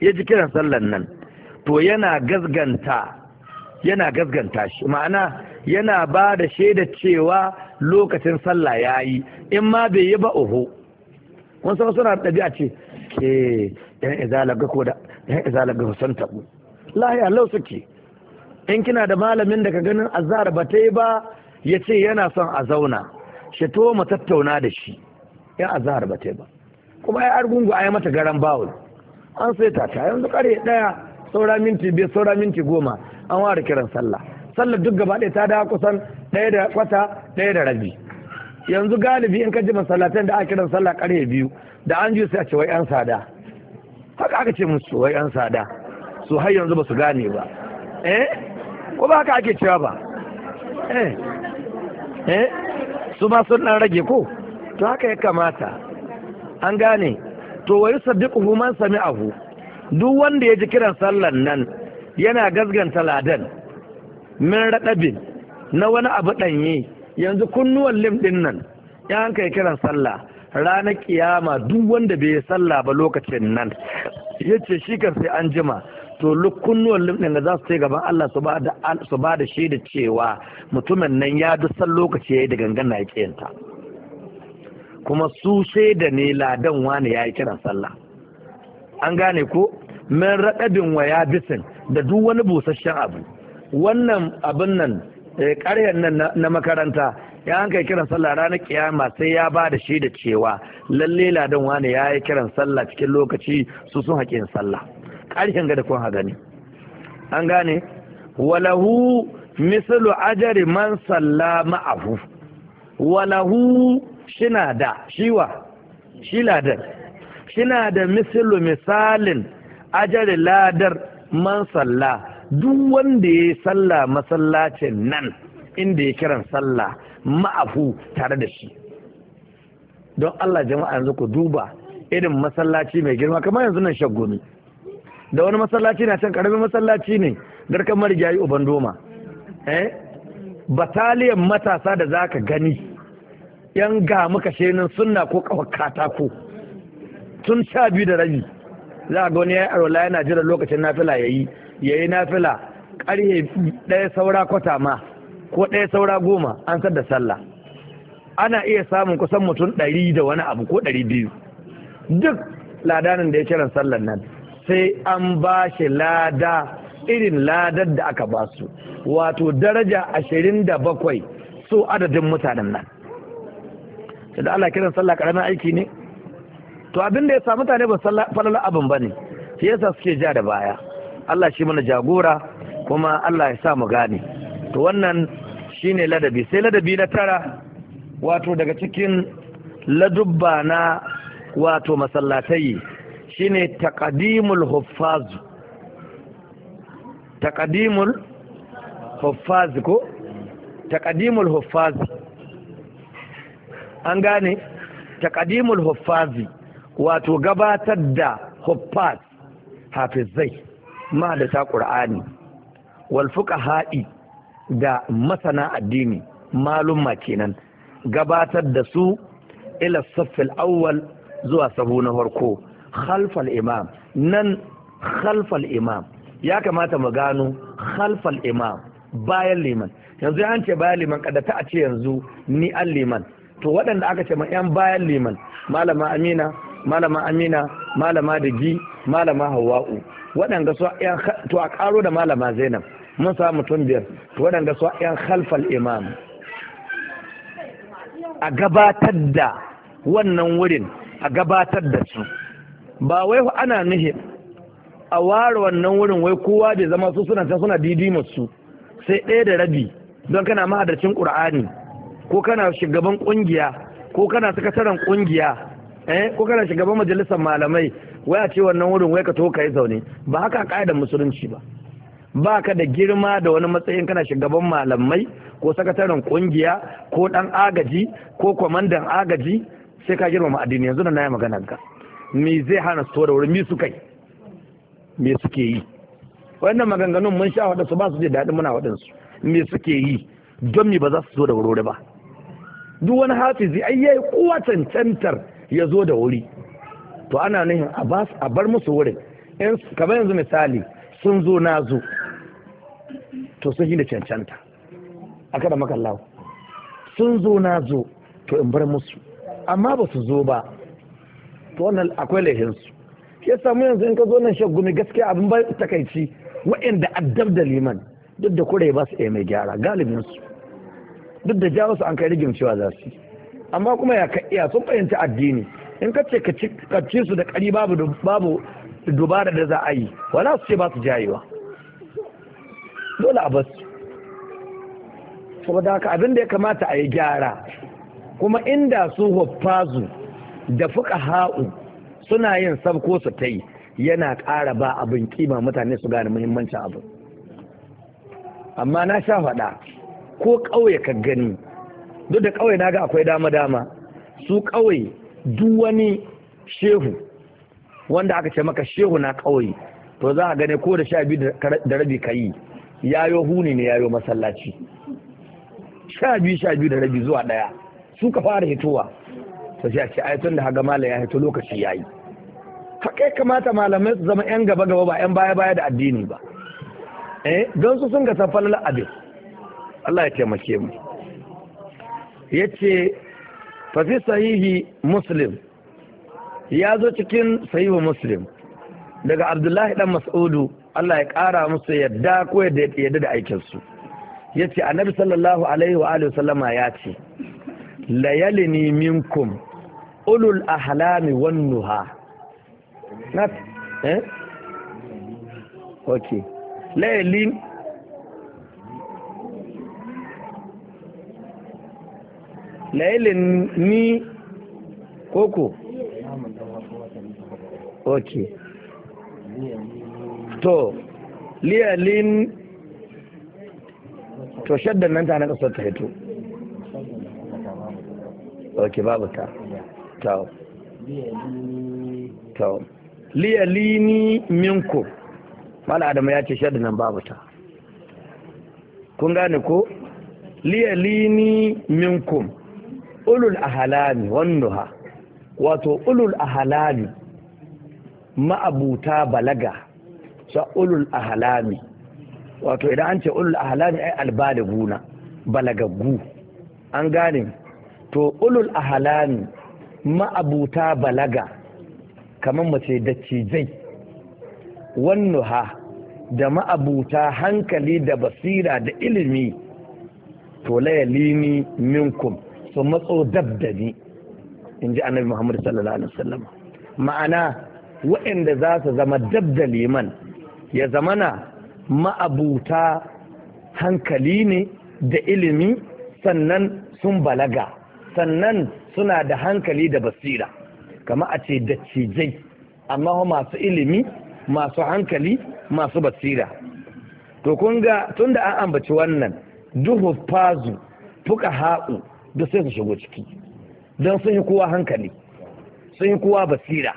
ya ji kiran sallan nan to yana gazganta yana gazganta shi ma'ana yana ba da shaida cewa lokacin sallah ya yi in ma bai yi ba oho kun san suna ɗabi'a ce ke yan izala ga ko da yan izala ga san tabu lahi Allah suke in kina da malamin daga ganin azhar ba ta yi ba ya ce yana son a zauna shi to mu tattauna da shi yan azhar ba ta yi ba kuma ai argungu ai mata garan bawul an sai ta ta yanzu kare daya saura minti biyu saura minti goma an ware kiran sallah sallar duk gaba ɗaya ta dawo kusan ɗaya da kwata ɗaya da rabi yanzu galibi in ka ji masallatan da aka kiran sallah ƙarfe biyu da an ji sai a ce wai 'yan sada haka aka ce su wai yan sada su har yanzu ba su gane ba eh ko ba haka ake cewa ba eh eh su ma sun dan rage ko to haka ya kamata an gane to wai saddiquhu man sami'ahu duk wanda ya ji kiran sallan nan yana gasganta ladan min raɗabin na wani abu ɗanye yanzu kunnuwan lim din nan ya kai kiran sallah ranar kiyama duk wanda bai sallah ba lokacin nan yace ce shi kan sai an jima to kunnuwan limɗin da za su sai gaban Allah su ba da shaida cewa mutumin nan ya dusan lokaci yayi yi da gangan na yanta kuma su shaida ne ladan wani ya yi kiran sallah an gane ko min raɗabin waya bisin da duk wani busasshen abu wannan abin nan eh, ƙaryar nan na makaranta ya an kai kiran sallah ranar kiyama sai ya ba da shi da cewa lalle ladan wani ya yi kiran sallah cikin lokaci su sun haƙin sallah ƙarshen gada kun gani an gane walahu misalu ajari man salla ma'ahu walahu shina da shiwa shi ladan shina da misalu misalin ajari ladar man salla duk wanda ya yi sallah masallacin nan inda ya kiran sallah ma'afu tare da shi don Allah jama'a yanzu ku duba irin masallaci mai girma kamar yanzu nan shaggumi da wani masallaci na can karamin masallaci ne garkan marigayi uban doma eh bataliyan matasa da zaka gani yan ga muka shenin sunna ko kawar katako tun sha biyu da rabi za ga wani yayi arola yana jiran lokacin nafila yayi yayi nafila ƙarye ɗaya saura kwata ma ko ɗaya saura goma an da sallah ana iya samun kusan mutum ɗari da wani abu ko ɗari biyu duk ladanin da ya kiran sallar nan sai an ba shi lada irin ladar da aka ba su wato daraja ashirin da bakwai su adadin mutanen nan da Allah kiran sallah ƙaramin aiki ne to abin da ya sa mutane ba falala abin ba ne shi yasa suke ja da baya Allah shi mana jagora kuma Allah ya sa mu gane to wannan shine ladabi sai ladabi na tara wato daga cikin ladubba na wato masallatai shine taqdimul huffaz taqdimul huffaz ko taqdimul huffaz an gane taqdimul huffazi wato gabatar da huffaz hafizai ma da ta qur'ani wal fuqaha'i Da masana addini malumma kenan gabatar da su ila saffil awwal zuwa sahu na farko khalfal imam nan khalfal imam ya kamata mu gano khalfal imam bayan liman yanzu an ce bayan liman kada ta a ce yanzu ni an liman to waɗanda aka ce ma yan bayan liman malama amina malama amina malama digi malama hawa'u waɗanda su to a karo da malama zainab mun sa mutum biyar waɗanda su yan khalfal imam a gabatar da wannan wurin a gabatar da su ba wai ana nihi a ware wannan wurin wai kowa bai zama su suna can suna didimar su sai ɗaya da rabi don kana mahadarcin ƙur'ani ko kana shugaban ƙungiya ko kana sakataren ƙungiya eh ko kana shugaban majalisar malamai wai a ce wannan wurin wai ka to ka yi zaune ba haka ƙa'idar musulunci ba ba ka da girma da wani matsayin kana shugaban malamai ko sakataren kungiya ko dan agaji ko kwamandan agaji sai ka girmama addini yanzu na naya magana ga me zai hana su da wuri mi su kai me suke yi wannan maganganun mun sha wadansu ba su je daɗin muna wadansu me suke yi don me ba za su zo da wuri ba duk wani hafizi ai yayi kowa cancantar ya zo da wuri to ana nuhin a bar musu wurin kamar yanzu misali sun zo na to sun yi da cancanta a kada makallawa sun zo na zo to in bar musu amma ba su zo ba to wannan akwai lahinsu ya samu yanzu in ka zo nan gumi gaskiya abin ba takaici wa'inda addab da liman duk da kure ba su iya mai gyara galibinsu duk da jawo su an kai rigin cewa za su amma kuma ya ka iya sun fahimci addini in ka ce ka ci su da kari babu dubara da za a yi wala su ce ba su jayewa dole a basu saboda haka abin da ya kamata a yi gyara kuma inda su huffazu da fuka ha'u suna yin sabko su ta yi yana ƙara ba abin kima mutane su gane muhimmancin abin amma na sha faɗa ko ƙauye ka gani duk da ƙauye na ga akwai dama-dama su ƙauye duk wani shehu wanda aka ce maka shehu na ƙauye to za a gane ko da sha biyu da rabi ka yi yayo huni ne yayo masallaci sha biyu sha biyu da rabi zuwa ɗaya su ka fara hitowa ta sai a ce ayatun da haga malam ya hito lokaci yayi haka ya kamata malamai su zama yan gaba gaba ba yan baya baya da addini ba eh don su sun ga safalar abin Allah ya taimake mu yace fa fi sahihi muslim ya zo cikin sahihu muslim daga abdullahi dan mas'udu Allah ya ƙara musu yadda ko yadda da aikinsu ya ce annabi sallallahu alaihi wa alihi sallama ya ce layalini minkum ulul ahlami wan nuha na eh okay layalin layalin ni koko okay to liyalin to shaddan nan ta na kasar ta hito ok babu ta tau tau liyalini minku mala Adama ya ce shaddan nan babu ta kun gane ko liyalini minkum ulul ahalami ha wato ulul ahalami ma'abuta balaga cewa ulul ahlami wato idan an ce ulul ahlami ai albaliguna balagaggu an gane to ulul ahlami ma'abuta balaga kamar mace da dattijai wannuha da ma'abuta hankali da basira da ilimi to layalini minkum su matso dab ni in ji annabi muhammad sallallahu alaihi wasallam ma'ana waɗanda za su zama dab da liman ya zamana ma'abuta hankali ne da ilimi sannan sun balaga sannan suna da hankali da basira kama a ce da cijai, amma masu ilimi masu hankali masu basira to kun ga tun da an ambaci wannan duhu fazu fuka haƙu da sai su shigo ciki don sun yi kowa hankali sun yi kowa basira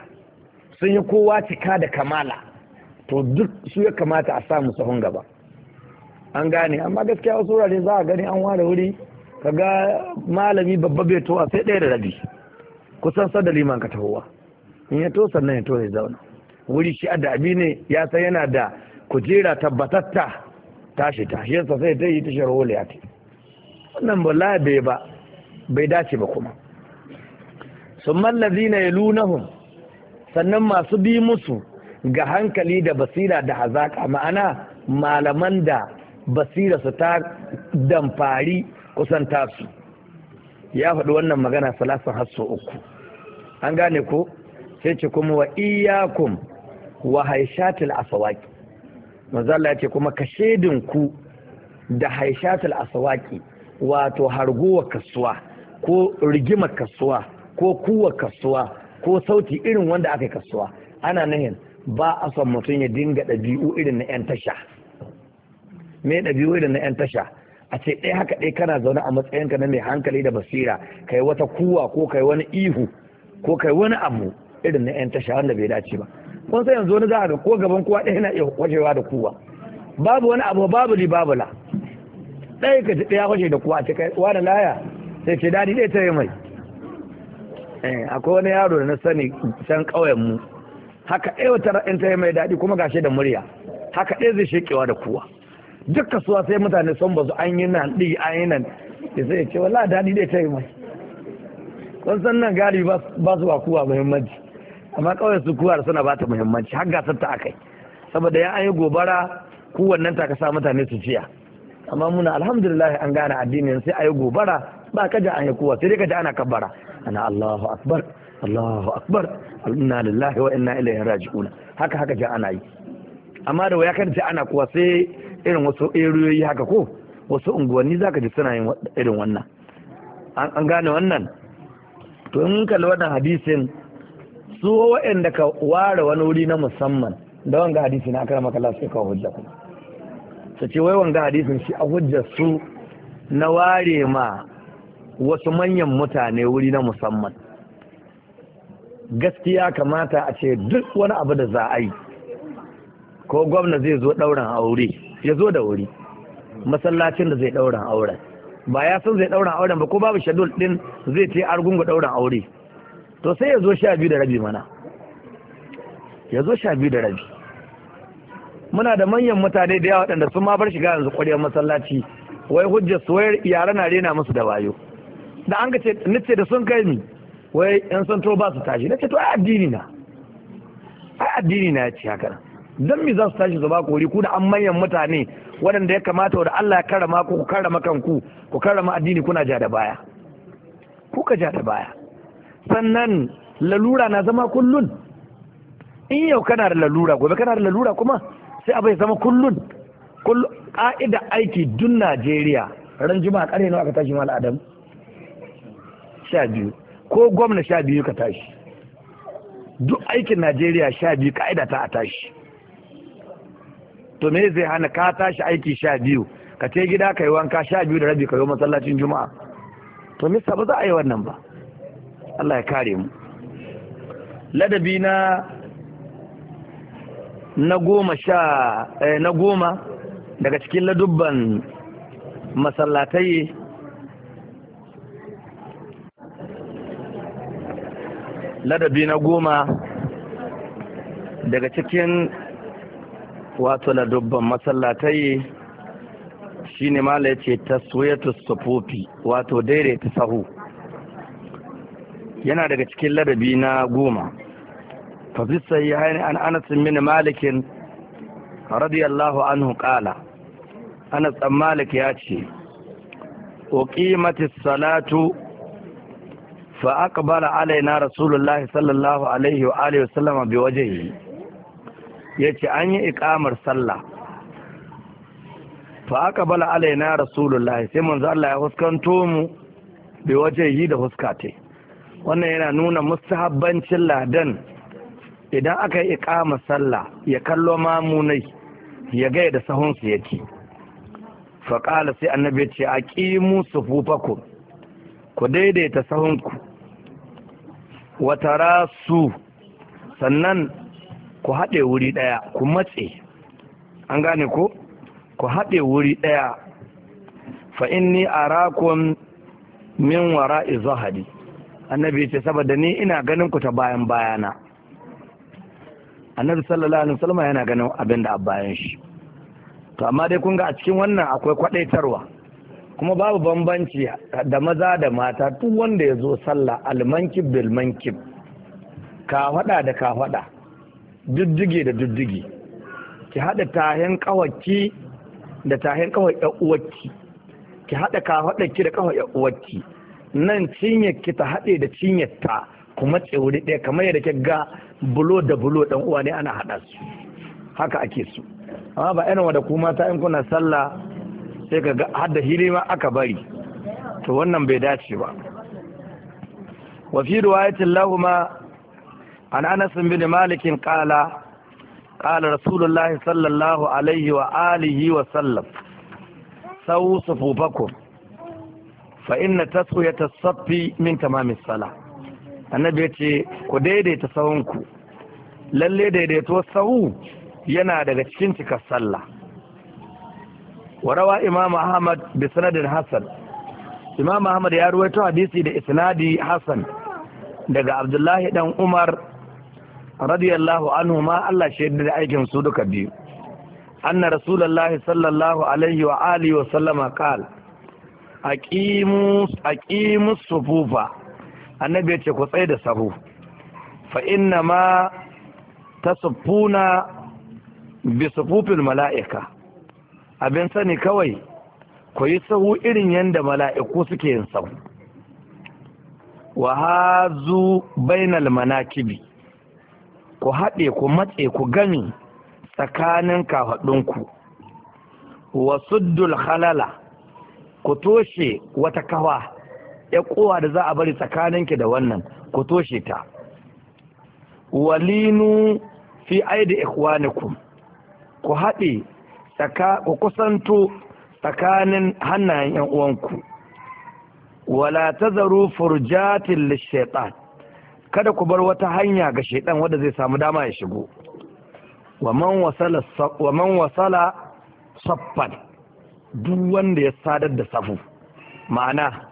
sun yi kowa cika da kamala to duk su ya kamata a samu sahun gaba an gane amma gaskiya wasu wurare za a gani an ware wuri Ka ga malami babba bai towa sai ɗaya da rabi kusan sada liman ka tahowa in ya to sannan ya to ya zauna wuri shi da abi ne ya san yana da kujera tabbatatta tashi ta shi yasa sai ta yi ta sharholi ya ta wannan ba labe ba bai dace ba kuma sun mallazi na yalunahum sannan masu bi musu ga hankali da basira da hazaka ma'ana malaman da basira su ta damfari kusan su, ya faɗi wannan magana salasan hasso uku an gane ko sai ce kuma wa iyakum wa haishatul asawaki manzala ya ce kuma ka ku da haishatul asawaki wato harguwa kasuwa ko rigima kasuwa ko kuwa kasuwa ko sauti irin wanda aka yi kasuwa ana nahin ba a son mutum ya dinga ɗabi'u irin na 'yan tasha me ɗabi'u irin na 'yan tasha a ce ɗaya haka ɗaya kana zaune a matsayinka na mai hankali da basira kai wata kuwa ko kai wani ihu ko kai wani abu irin na 'yan tasha wanda bai dace ba kun san yanzu wani za a ga ko gaban kowa ɗaya yana iya kwashewa da kuwa babu wani abu babu li babu la ɗaya ka ji ɗaya kwashe da kuwa ce kai wani laya sai ce daɗi ɗaya ta yi mai eh, akwai wani yaro da na sani can ƙauyen mu haka ɗaya wata ra'in ta mai daɗi kuma ga da murya haka ɗaya zai shekewa da kuwa duk kasuwa sai mutane son su an yi nan ɗi an yi nan ya sai ce wala daɗi ɗaya ta yi mai kun san nan gari ba su ba kuwa muhimmanci amma kawai su kuwa suna ba ta muhimmanci har gasar ta akai saboda ya an yi gobara kuwannan ta ka sa mutane su jiya amma muna alhamdulillah an gane addinin sai a yi gobara ba ka ja an yi kuwa sai dai ka ja ana kabbara ana Allahu akbar Allahu akbar inna lillahi wa inna ilaihi raji'un haka haka ja ana yi amma da waya kan ji ana kuwa sai irin wasu eriyoyi haka ko wasu unguwanni zaka ji suna yin irin wannan an gane wannan to in kalli wannan hadisin su waɗanda ka ware wani wuri na musamman da wanga hadisi na akara makalla sai kawo hujja kuma su ce wai wanga hadisin shi a hujjar su na ware ma wasu manyan mutane wuri na musamman gaskiya kamata a ce duk wani abu da za a yi ko gwamna zai zo ɗaurin aure ya zo da wuri masallacin da zai ɗaurin auren ba ya san zai ɗaurin auren ba ko babu shadul ɗin zai ce argungu ɗaurin aure to sai ya zo sha biyu da rabi mana ya zo sha biyu da rabi muna da manyan mutane da yawa waɗanda sun ma bar shiga yanzu ƙwaryar masallaci wai hujjar su wai yara na rena musu da wayo da an ga ce da sun kai ni wai yan santo ba su tashi na ce to ai addini na ai addini na ya ce haka dan me za su tashi su ba ku wuri ku da an manyan mutane waɗanda ya kamata da Allah ya karama ku ku karama kanku ku karama addini kuna ja da baya ku ka ja da baya sannan lalura na zama kullun in yau kana da lalura gobe kana da lalura kuma sai abai zama kullun ka'ida aiki dun Najeriya ran juma'a kare nawa aka tashi mal adam sha biyu ko gwamna sha biyu ka tashi duk aikin najeriya sha biyu ka'ida ta a tashi to me zai hana ka tashi aiki sha biyu ka ce gida ka yi wanka sha biyu da rabi ka yi masallacin juma'a to mista ba za a yi wannan ba allah ya kare mu ladabi na na goma sha eh, na goma daga cikin ladubban masallatai ladabi na goma daga cikin wato ladubban masallatai shine mala ce taswiyatu sufufi wato daidaita sahu yana daga cikin ladabi na goma fafisa fi haini an Anas mini malikin, radiyallahu anhu ƙala. Anas bin Malik ya ce uqimatis salatu fa aka aqbala alaina rasulullahi sallallahu alaihi wa alihi wasallama bi ya ce an yi iqamar sallah fa aka aqbala alaina rasulullahi sai mun zalla ya huskanto mu bi yi da huskate wannan yana nuna musu habbancin ladan idan aka yi iqamar sallah ya kallo mamunai ya gaya da sahunsu ya yake fa qala sai annabi ce ya ce aqimu sufufakum ku daidaita sahunku watara su sannan ku haɗe wuri ɗaya ku matse an gane ko ku haɗe wuri ɗaya fa a rakon min wara'i zahari annabi ce saboda ni ina ganin ku ta bayan bayana annabi sallallahu alaihi wasallam yana ganin abin da a bayan shi to amma dai kun ga a cikin wannan akwai kwaɗaitarwa kuma babu bambanci da maza da mata duk wanda ya zo sallah almankib bilmankib Ka kafada da ka kafada diddige da diddige ki haɗa tahin kawaki da tahin kawai yan uwaki, ki hada kafada ki da kawai yan uwaki. nan cinyar ki ta haɗe da cinyar ta kuma tsewuri ɗaya kamar yadda ki ga bulo da bulo ɗan uwa ne ana haɗa su haka ake so amma ba irin wanda ta in kuna sallah sai ka hada hili ma aka bari to wannan bai dace ba wa fi riwayatin lahuma an anas bin malik qala qala rasulullahi sallallahu alaihi wa alihi wa sallam sawu sufufakum fa inna taswiyata as-saffi min tamami as-salah annabi yace ku daidaita sahunku lalle daidaito sahu yana daga cikin cikar sallah warawa imam ahmad bi sanadin hassan imam ahmad ya ruwaito hadisi da isnadi hassan daga abdullahi dan umar radiyallahu anhu ma Allah shi da aikin su duka biyu anna rasulullahi sallallahu alaihi wa alihi wa sallama qala aqimus aqimus sufufa annabi yace ku tsaye da sahu fa inna ma tasuffuna bi sufufil mala'ika abin sani kawai ku yi sahu irin yadda mala'iku suke yin sahu wa hazu bainal manakibi ku haɗe ku matse ku gani tsakanin kafaɗinku wa suddul khalala ku toshe wata kawa ya kowa da za a bari tsakanin ki da wannan ku toshe ta walinu fi aidi ikhwanikum ku haɗe ku kusanto tsakanin hannayen yan uwanku wala tazaru furjatin lishaitan kada ku bar wata hanya ga shaitan wanda zai samu dama ya shigo wa man wasala saffan duk wanda ya sadar da safu ma'ana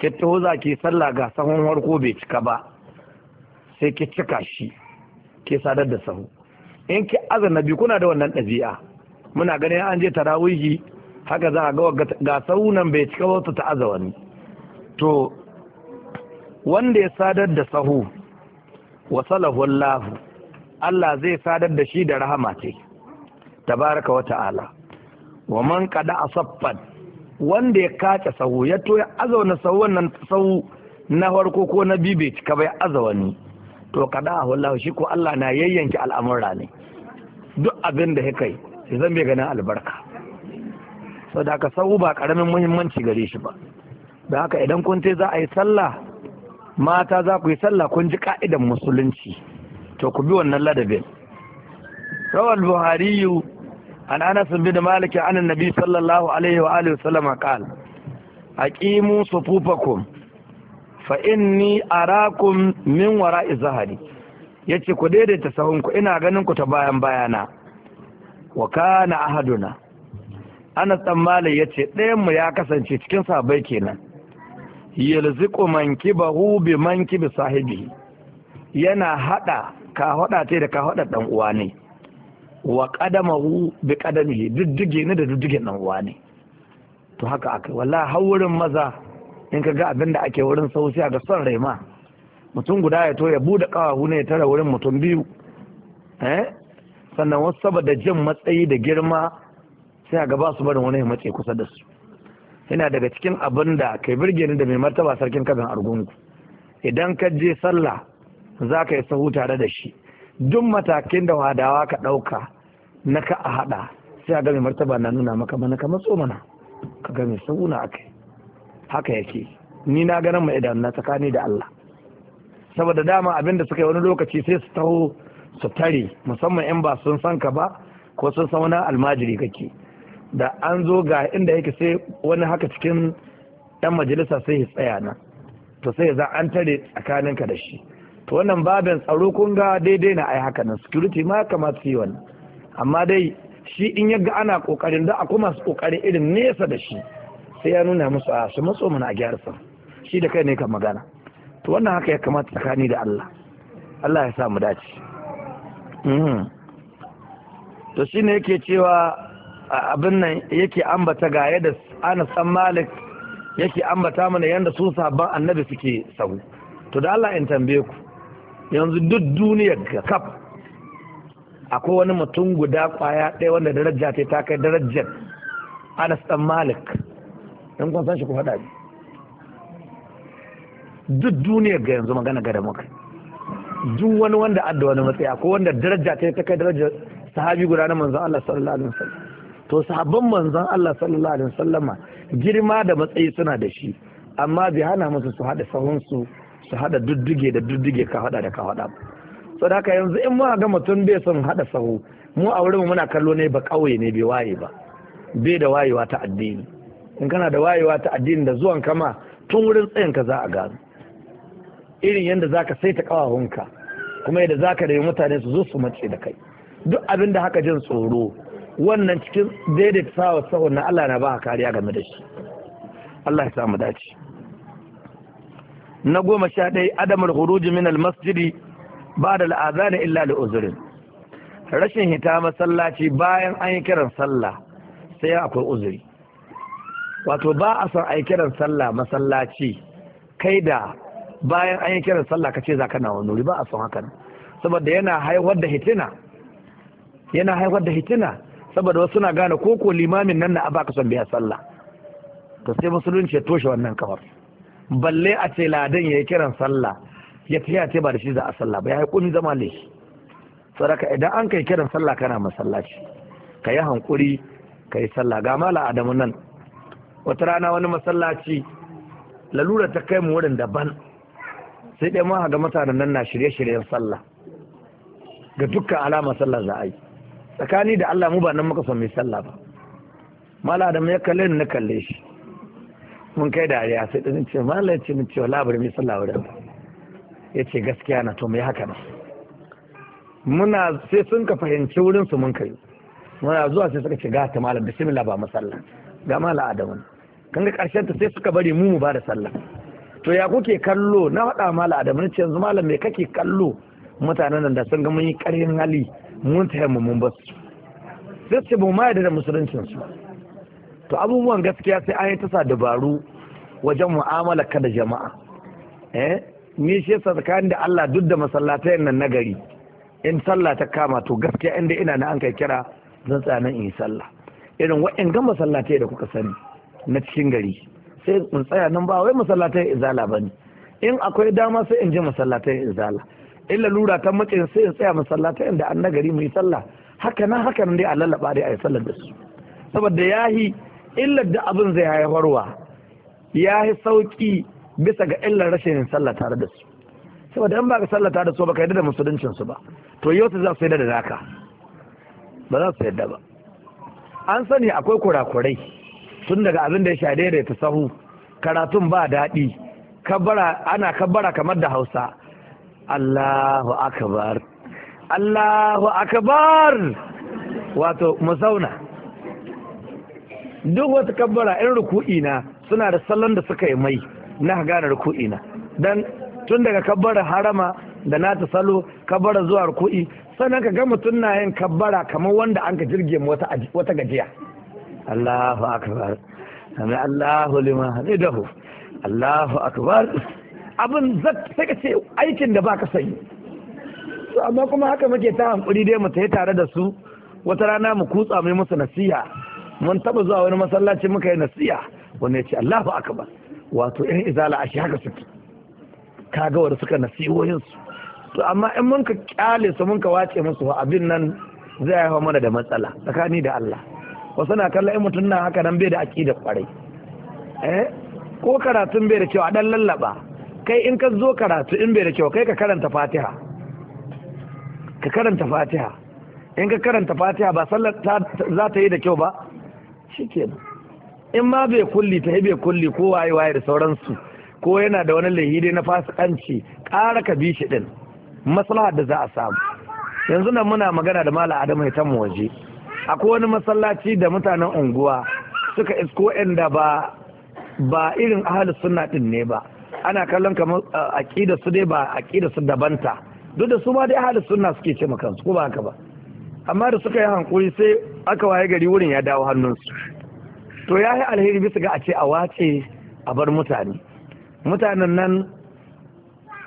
kittaho za ki sallah ga sahun harko bai cika ba sai ki cika shi ke sadar da sahu in ki azana bi kuna da wannan ɗabi'a muna ganin an je tarawihi haka za a ga ga saunan bai cika wata ta'aza wani to wanda ya sadar da sahu wa salahu Allah zai sadar da shi da rahama ce tabaraka wa ta'ala wa man qada asaffan wanda ya kace sahu ya to ya azauna sahu wannan sahu na farko ko na biyu bai cika bai aza wani to kada Allah shi ko Allah na yayyanki al'amura ne duk abin da ya kai sai zan bai ganin albarka sau da aka sau ba karamin muhimmanci gare shi ba da haka idan kun te za a yi sallah mata za ku yi sallah kun ji ƙa'idan musulunci to ku bi wannan ladabin rawal buhari an bi da malik an annabi sallallahu alaihi wa alihi wasallam qal aqimu sufufakum fa inni arakum min wara'i zahari yace ku daidaita sahunku ina ganin ku ta bayan bayana wa kana ahaduna ana tsammalin ya ce ɗayanmu ya kasance cikin sabai kenan yalziku manki bahu bi manki bi sahibi yana haɗa ka haɗa ta da ka haɗa ɗan uwa ne wa qadamahu bi qadamihi diddige ne da diddigen ɗan uwa ne to haka akai wallahi har wurin maza in ka ga abin da ake wurin sau sai ga son rai mutum guda ya to ya bude kawahu ne ya tara wurin mutum biyu eh sannan wasu saboda jin matsayi da girma sai ga ba su barin wani matsayi kusa da su yana daga cikin abin da kai birge ni da mai martaba sarkin kagan argungu idan ka je sallah za ka yi sahu tare da shi duk matakin da wadawa ka ɗauka na ka a haɗa sai ga mai martaba na nuna maka mana ka matso mana ka ga mai sahu na akai haka yake ni na ganin mai idanu na tsakani da Allah saboda dama abin da suka yi wani lokaci sai su taho su tare musamman in ba sun san ka ba ko sun san wani almajiri kake da an zo ga inda yake sai wani haka cikin yan majalisa sai ya tsaya na to sai za an tare tsakaninka da shi to wannan babin tsaro kun ga daidai na ai haka nan security ma kamata su yi wannan amma dai shi in yaga ana kokarin da akwai masu kokari irin nesa da shi sai ya nuna musu a su matso mana a gyara sa shi da kai ne ka magana to wannan haka ya kamata tsakani da Allah Allah ya sa mu dace Hmm. to shi ne yake cewa abin nan yake ambata ga yadda ana san malik yake ambata mana yadda su sabon annabi suke sahu to da Allah in tambaye ku yanzu duk duniyar ga kaf akwai wani mutum guda kwaya ɗaya wanda daraja ta ta kai darajar ana san malik in kun san shi ku faɗa duk duniyar ga yanzu magana ga da muka duk wani wanda adda wani matsaya ko wanda daraja ta ta kai darajar sahabi guda na manzon Allah sallallahu alaihi wasallam to sahabban manzon Allah sallallahu alaihi wasallama girma da matsayi suna da shi amma bai hana musu su hada sahun su su hada dudduge da dudduge ka hada da ka hada so da yanzu in muna ga mutum bai son hada sahu mu a wurin muna kallo ne ba kauye ne bai waye ba bai da wayewa ta addini in kana da wayewa ta addini da zuwan kama tun wurin tsayin ka za a gano irin yadda zaka ta kawahunka kuma yadda za ka rayu mutane su zo su mace da kai duk abin da haka jin tsoro wannan cikin daidaita sawa sahun na Allah na ba kariya game da shi Allah ya samu dace na goma sha ɗaya adamar huruji min Masjidi ba da da illa da uzurin rashin hita masallaci bayan an yi kiran sallah sai akwai uzuri wato ba a son a kiran sallah masallaci kai da bayan an yi kiran sallah ka ce za ka na nuri ba a son hakan saboda yana haifar da hitina yana haifar da hitina saboda wasu na gane ko ko limamin nan na a baka son biya sallah to sai musulunci ya toshe wannan kafar balle a ce ladan ya yi kiran sallah ya fiya ce ba da shi za a sallah ba ya yi kuni zama ne sadaka idan an kai kiran sallah kana masallaci ka yi hankuri ka yi sallah ga mala adamu nan wata rana wani masallaci lalura ta kai mu wurin daban sai dai ma ga mutanen nan na shirye-shiryen sallah ga dukkan alama sallah za a yi tsakani da Allah mu ba nan muka son mai sallah ba mala da ya kalle na kalle shi mun kai dariya sai da ce mala ya ce min cewa labarin mai sallah wurin ya ce gaskiya na to mai haka na muna sai sun ka fahimci wurin su mun kai muna zuwa sai suka ce ta malam bismillah ba masallah ga mala adamu kan ga karshen ta sai suka bari mu mu ba da sallah to ya kuke kallo na faɗa mala adamu ce yanzu malam me kake kallo mutanen nan da sun ga mun yi ƙarfin hali mun taya mu mun basu sai ce mu ma da musuluncin su to abubuwan gaskiya sai an yi tasa dabaru wajen mu'amala ka da jama'a eh ni shi yasa tsakanin da Allah duk da masallatayen nan na gari in sallah ta kama to gaskiya inda ina na an kai kira zan tsaya nan in yi sallah irin wa'in ga masallatai da kuka sani na cikin gari sai in tsaya nan ba wai masallatan izala ba ne in akwai dama sai in je masallatan izala in lura ta mace sai in tsaya masallatan da an nagari mu yi sallah haka nan haka nan dai a lallaba dai a yi sallar da su saboda yahi illar da abin zai haifarwa ya yi sauki bisa ga illar rashin sallah tare da su saboda in ba ka sallah tare da su ba ka da musuluncin su ba to yau za su yadda da naka ba za su yadda ba an sani akwai kurakurai tun daga abin da ya sha ta sahu karatun ba daɗi ana kabbara kamar da hausa allahu akbar allahu akbar wato musauna duk wata kabbara in ruku'ina suna da salon da suka yi mai na gane ruku'ina na tun daga kabbara harama da na ta salo kabbara zuwa ruku'i sannan ka ga mutum na kabbara kamar wanda an ka jirge wata gajiya Allahu akbar sami Allahu liman hamidahu Allahu akbar abin zai ka ce aikin da baka sanyi to amma kuma haka muke ta hankuri dai mu tayi tare da su wata rana mu kutsa mai musu nasiha mun taba zuwa wani masallaci muka yi nasiha wanda ya Allahu akbar wato in izala ashi haka suke kaga wanda suka nasihohin su to amma in mun ka kyale su mun ka wace musu abin nan zai haifa mana da matsala tsakani da Allah wasu na kalla in mutum na haka nan bai da aƙida kwarai eh ko karatun bai da kyau a dan lallaba kai in ka zo karatu in bai da kyau kai ka karanta fatiha ka karanta fatiha in ka karanta fatiha ba sallar za ta yi da kyau ba shikenan in ma bai kulli ta bai kulli ko waye waye da sauransu ko yana da wani lahidi na fasikanci ƙara ka bi shi din maslaha da za a samu yanzu nan muna magana da mala adamu ya tamu waje akwai wani masallaci da mutanen unguwa suka isko inda ba ba irin ahli sunna din ne ba ana kallon kamar aqida su dai ba aqida su dabanta duk da su ma dai ahli sunna suke ce maka ko ba haka ba amma da suka yi hankuri sai aka waye gari wurin ya dawo hannunsu to ya yi alheri bisa ga a ce a wace a bar mutane mutanen nan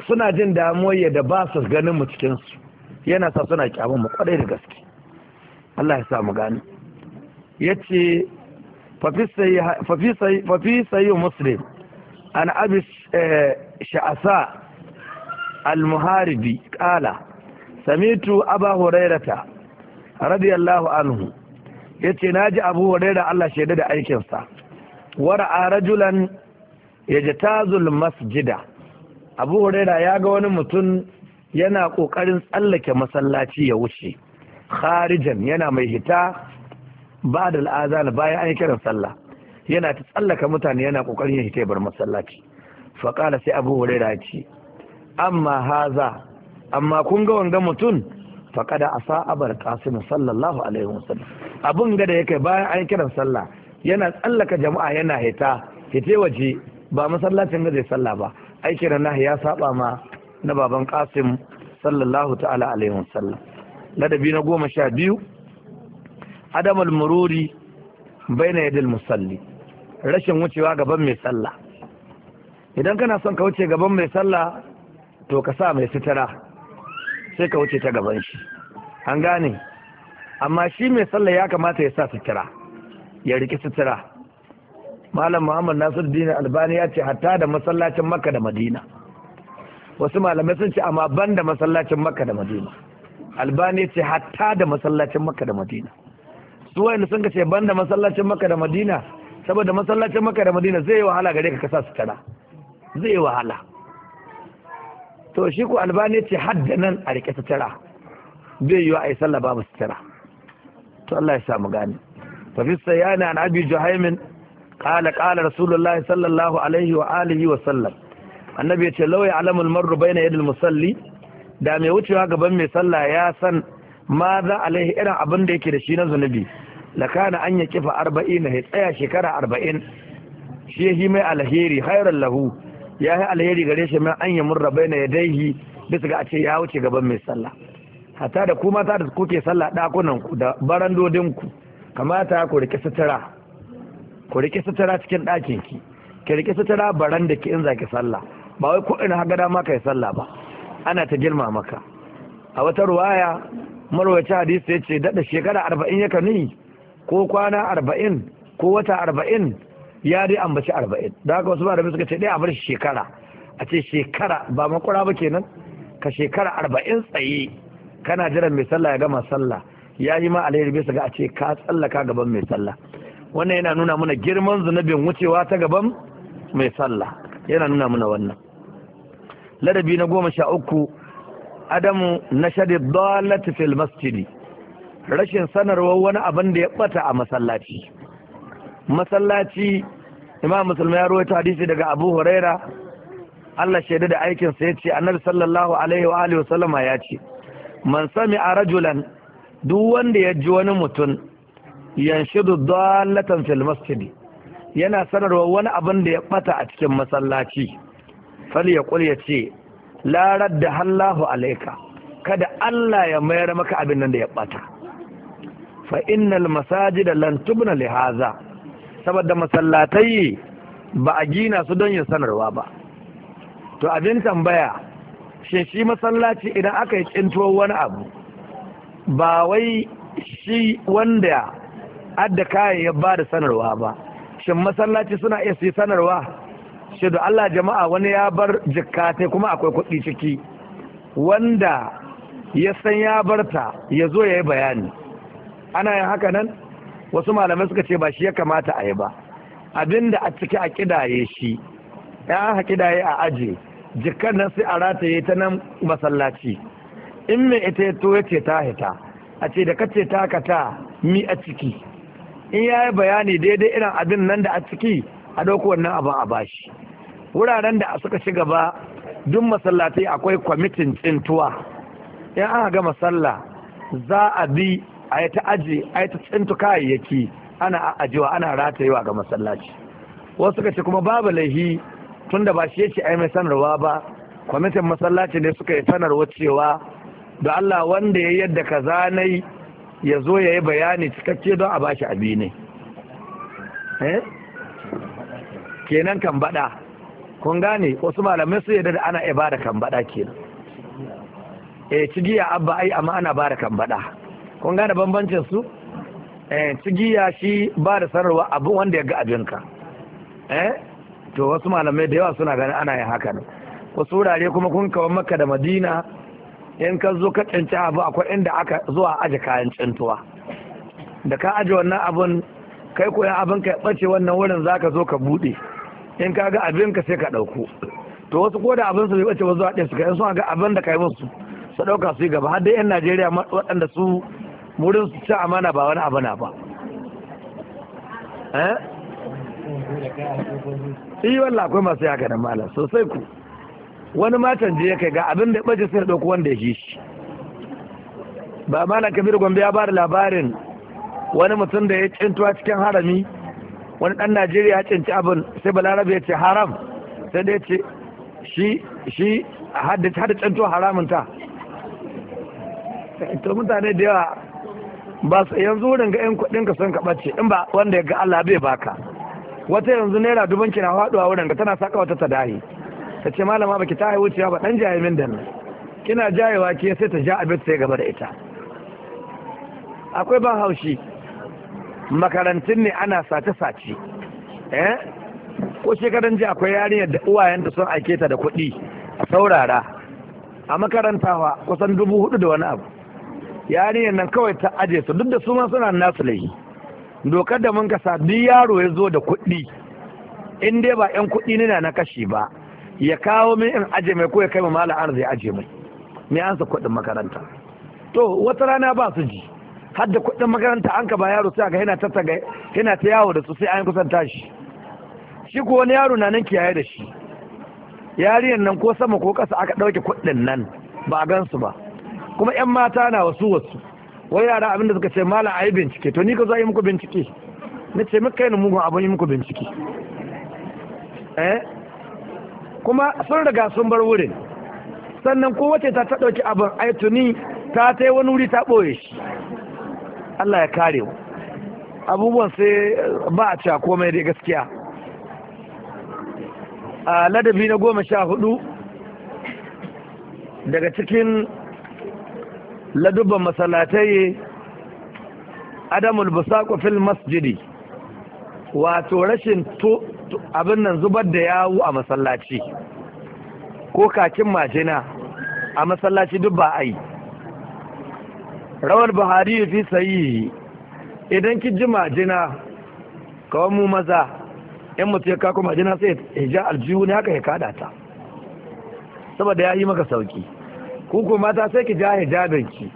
suna jin damuwa da ba su ganin mu cikinsu yana sa suna kyamun mu kwadai da gaske Allah ya sa mu gane yace fafi sayi muslim an abi eh, sha'asa al-muharibi kala samitu aba hurairata radiyallahu anhu yace naji abu huraira Allah shaida da aikinsa wara rajulan yajtazul masjida abu huraira ya ga wani mutum yana ƙoƙarin tsallake masallaci ya wuce kharijan yana mai hita ba da al'azan bayan an yi kiran sallah yana ta tsallaka mutane yana kokarin ya hita bar masallaci fa qala sai abu huraira ce amma haza amma kun ga wanga mutum fa kada asa abar qasim sallallahu alaihi wasallam abun ga da yake bayan an yi kiran sallah yana tsallaka jama'a yana hita hita waje ba masallacin da zai sallah ba aikin nahi ya saba ma na baban qasim sallallahu ta'ala alaihi wasallam ladabi na goma sha biyu adamul mururi bai baina yadda musalli rashin wucewa gaban mai sallah idan kana son ka wuce gaban mai sallah to ka sa mai sitara sai ka wuce ta gaban shi an gane amma shi mai sallah ya kamata ya sa sitara ya riki sitara malam muhammad dina albani ya ce hatta da masallacin makka da madina wasu malamai sun ce amma ban da masallacin makka da madina albani ce hatta da masallacin makka da madina su wayanda sun ka ce ban da masallacin makka da madina saboda masallacin makka da madina zai yi wahala gare ka kasa su tara zai yi wahala to shi ku albani ce hadda nan a rike ta tara yi wa a yi sallah babu su tara to Allah ya samu gani fa fi sayyani an abi juhaimin qala qala rasulullahi sallallahu alaihi wa alihi wa sallam annabi ya ce lawai alamul marru bayna yadil musalli da mai wucewa gaban mai sallah ya san ma za alaihi irin abin da yake da shi na zunubi lakana an ya kifa arba'in ya tsaya shekara arba'in shi ya yi mai alheri hairan lahu ya yi alheri gare shi mai an ya murra bai na ya daihi bisa ga a ce ya wuce gaban mai sallah hatta da kuma ta da kuke sallah ɗakunan da barandodin ku kamata ku rike sutura ku riƙe sutura cikin ɗakin ki ki rike sutura baranda ki in ki sallah ba wai ko ina haga dama kai sallah ba ana ta girma maka a wata ruwaya marwaci hadisi ya ce daɗa shekara arba'in ya kani ko kwana arba'in ko wata arba'in ya dai ambaci arba'in da haka wasu malamai suka ce dai a bar shekara a ce shekara ba makura ba kenan ka shekara arba'in tsaye kana jiran mai sallah ya gama sallah ya yi ma alayyar bisa ga a ce ka tsallaka gaban mai sallah wannan yana nuna mana girman zunubin wucewa ta gaban mai sallah yana nuna mana wannan ladabi na goma sha uku adamu na shaɗi dalati fil masjidi rashin sanarwa wani abin da ya bata a masallaci masallaci imam musulmi ya rawaito hadisi daga abu huraira Allah shaida da aikin sa yace annabi sallallahu alaihi wa alihi wasallama ya ce man sami a rajulan duk wanda ya ji wani mutum yanshidu dalatan fil masjidi yana sanarwa wani abin da ya ɓata a cikin masallaci ya yace la da Allahu alaika, kada Allah ya mayar maka abin nan da ya ɓata. fa innal masajida lan tubna li hadha saboda masallatai ba a gina su don yin sanarwa ba to abin tambaya shin shi masallaci idan aka yi tsintuwar wani abu ba wai shi wanda adda kayan ya ba da sanarwa ba shin masallaci suna iya su sanarwa ce Allah jama'a wani ya bar jikka ta kuma akwai kuɗi ciki wanda ya san ya bar ta ya zo ya yi bayani ana yin haka nan wasu malamai suka ce ba shi ya kamata a yi ba abinda a ciki a kidaye shi ya an kidaye a aje jikkar nan sai a rataye ta nan masallaci in mai ita ya to ya ce ta hita a ce da kace ta ka ta mi a ciki in ya yi bayani daidai irin abin nan da a ciki a ɗauko wannan abin a bashi wuraren da suka ci gaba duk masallaci akwai kwamitin tsintuwa in aka gama sallah za a bi a yi ta aji a yi ta tsintu kayayyaki ana ajiwa ana ratayewa ga masallaci wasu suka ce kuma babu laihi tun da ba shi yake ai mai sanarwa ba kwamitin masallaci ne suka yi sanarwa cewa da Allah wanda ya yadda ka zanai ya zo ya yi bayani cikakke don a bashi abi ne eh? kenan kan bada kun gane wasu malamai su yadda da ana iya bada kambada kenan eh cigiya abba ai amma ana bada bada kun gane bambancin su eh cigiya shi ba da sanarwa abin wanda ya ga abinka eh to wasu malamai da yawa suna ganin ana yin haka ne wasu wurare kuma kun kawo maka da madina in ka zo ka tsinci abu akwai inda aka zuwa aje kayan tsintuwa da ka aje wannan abun kai koyan abin ka bace wannan wurin zaka zo ka bude in ka ga abin ka sai ka ɗauko to wasu ko da abin su bai bace ba zuwa ɗaya su kai sun ga abin da kai musu su ɗauka su yi gaba har dai 'yan najeriya waɗanda su murin su ci amana ba wani abana ba eh yi eh, wallah akwai masu yaka da mala sosai ku wani matan je kai ga abin da bace sai ɗauko wanda ya ji shi ba malam kabir gombe ya ba da labarin wani mutum da ya cintuwa cikin harami wani ɗan najeriya ya cinci abin sai balarabe ya ce haram sai da ce shi shi hada canto haramun ta to mutane da yawa ba su yanzu wurin ga 'yan kuɗin ka sun ce in ba wanda ya ga Allah bai baka wata yanzu naira duban kina faɗuwa wurin ga tana saka wata tadahi ta ce malama baki ta haihu wuciya ba ɗan jaye min da nan kina jayewa ke sai ta ja abin sai gaba da ita akwai ban haushi makarantun ne ana sace-sace eh ko shekaran ji akwai yarinyar da uwayen da sun aike ta da kuɗi a saurara a makarantawa kusan dubu hudu da wani abu yarinyar nan kawai ta aje su duk da su ma suna nasu lai dokar da mun kasa duk yaro ya zo da kuɗi in dai ba 'yan kuɗi nina na kashi ba ya kawo min in aje mai ko ya kai ma mala arzai aje mai me sa kuɗin makaranta to wata rana ba su ji har da kuɗin makaranta an ka ba yaro sai ga yana ta yana ta yawo da su sai an kusan tashi shi ko wani yaro na nan kiyaye da shi yariyan nan ko sama ko ƙasa aka ɗauke kuɗin nan ba a gansu ba kuma 'yan mata na wasu wasu wai yara abin da suka ce malam a yi bincike to ni ka zo yi muku bincike na ce muka yi mugun abin yi muku bincike eh kuma sun riga sun bar wurin sannan ko wace ta ta ɗauki abin ai tuni ta ta yi wani wuri ta ɓoye shi Allah ya kare mu abubuwan sai ba a cewa komai dai gaskiya a ladabi na goma sha hudu daga cikin ladubban masalatai adamul busaku fil masjidi wato rashin abin nan zubar da yawu a masallaci ko kakin majina a masallaci duk ba a yi rawar buhari fi sayi idan ki ji majina kawai mu maza yan mutu ya kako majina sai ya ja aljihu ne haka ya kada ta saboda ya yi maka sauki kuku mata sai ki ja hijabin ki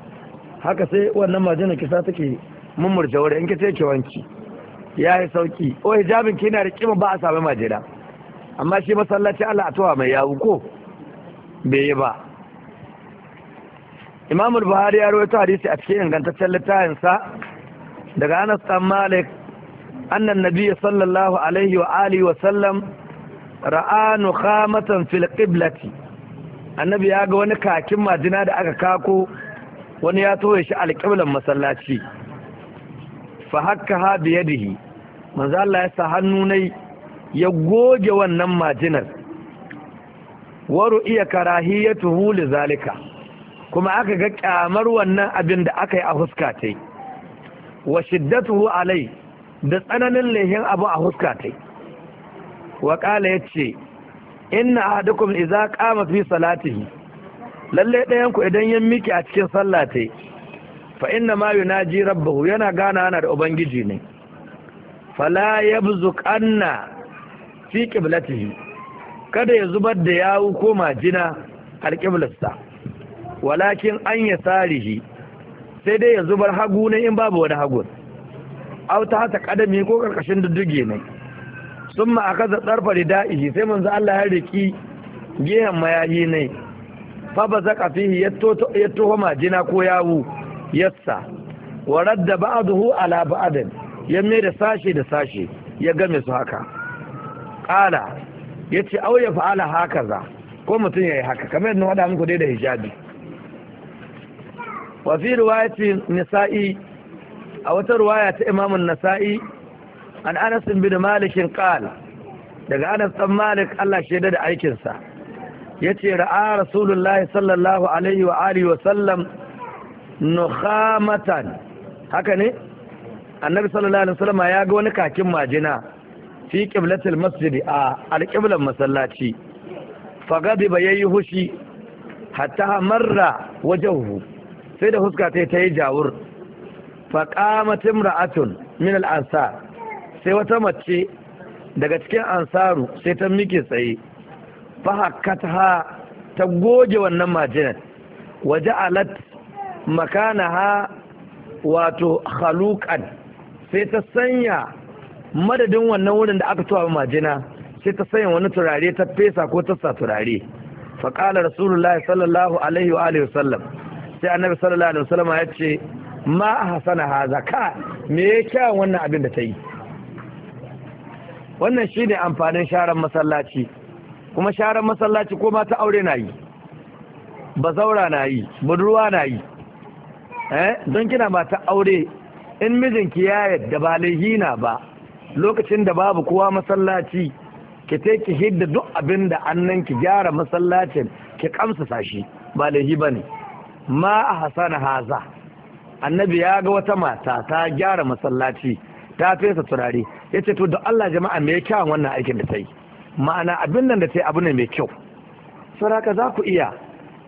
haka sai wannan majina kisa take mummurce wuri in ki ce ki wanki ya yi sauki o hijabin ki yana da kima ba a sami majina amma shi masallaci Allah a towa mai yawu ko bai yi ba Imam Buhari ya rawaito hadisi a cikin ingantaccen littafin sa daga Anas bin Malik annan nabi sallallahu alaihi wa alihi wa sallam ra'a nukhamatan fil qiblati annabi ya ga wani kakin majina da aka kako wani ya toye shi alƙiblan masallaci fa hakka ha bi yadihi manzo Allah ya sa hannu ne ya goge wannan majinar waru iya karahiyatuhu li zalika kuma aka ga kyamar wannan abin da aka yi a huska ta yi wa shiddatu alai da tsananin lehin abu a huska ta yi wa ƙala ya ce inna ahadukum idza qama fi salatihi lalle ɗayan ku idan ya miki a cikin sallah ta fa inna ma yunaji rabbahu yana gana ana da ubangiji ne fala yabzuqanna fi qiblatihi kada ya zubar da yawu ko majina alƙiblarsa walakin an ya sarihi sai dai ya zubar hagu ne in babu wani hagu. au ta hata kadami ko karkashin dudduge ne sun ma aka zaɗar da'ihi sai manzo Allah ya riki gehen mayayi ne fa ba zaka fihi ya toho majina ko yawu yassa wa radda ba'dahu ala ba'din ya mai da sashe da sashe ya game su haka qala yace au ya fa'ala za, ko mutum yayi haka kamar yadda na faɗa muku dai da hijabi wa fi riwayati nisa'i a wata riwaya ta imamun nasa'i an anas bin malik qala daga anas dan malik Allah shaida da aikin sa yace ra'a rasulullahi sallallahu alaihi wa alihi wa sallam nukhamatan haka ne annabi sallallahu alaihi wasallam ya ga wani kakin majina fi qiblatil masjidi a alqiblan masallaci fagadiba yayi hushi hatta marra wajahu sai da huska ta yi ta yi jawur faƙamatin ra'atun min al'ansar sai wata mace daga cikin ansaru sai ta miƙe tsaye ha ta goge wannan majinan waje alat ha wato halukan sai ta sanya madadin wannan wurin da aka tuwa majina sai ta sanya wani turare ta fesa ko ta sa turare faƙalar rasulullah sallallahu alaihi wa sallam sai annabi sallallahu alaihi wasallam ya ce ma hasana haza ka me ya kya wannan abin da ta yi wannan ne amfanin sharan masallaci kuma sharan masallaci ko mata aure na yi bazaura na yi budurwa na yi eh don kina mata aure in mijinki ya yadda ba laihina ba lokacin da babu kowa masallaci ki ta ki hidda duk abin da annan ki gyara masallacin ki kamsa sashi ba laihi ba ne ma a hasana haza annabi ya ga wata mata ta gyara masallaci ta fesa turare ya ce to da Allah jama'a mai kyawun wannan aikin da ta yi ma'ana abin nan da ta yi abu ne mai kyau saraka za ku iya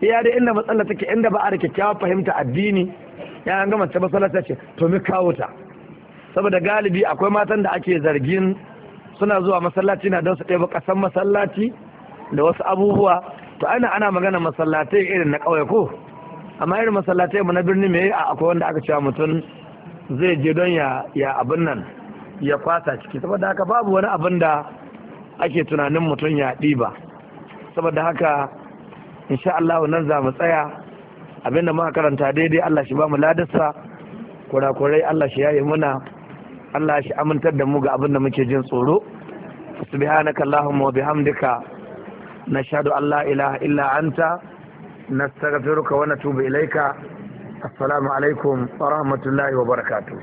iya da inda matsala take inda ba a da kyakkyawar fahimta addini ya an gama ta masallaci ce to mi kawo ta saboda galibi akwai matan da ake zargin suna zuwa masallaci na don su ɗaya kasan masallaci da wasu abubuwa to ana ana magana masallatai irin na ƙauye ko amma irin masallatai mu na birni mai akwai wanda aka cewa mutum zai je don ya abin nan ya kwasa ciki saboda haka babu wani abin da ake tunanin mutum ya ɗiba saboda haka insha Allah nan za mu tsaya abinda muka karanta daidai Allah shi ba mu ladarsa kurakurai Allah shi yayi muna Allah shi amintar da mu ga abin da muke jin tsoro subhanaka allahumma wa bihamdika nashhadu an la ilaha illa anta nastaghfiruka na tuba ilaika assalamu alaikum wa rahmatullahi wa barakatuh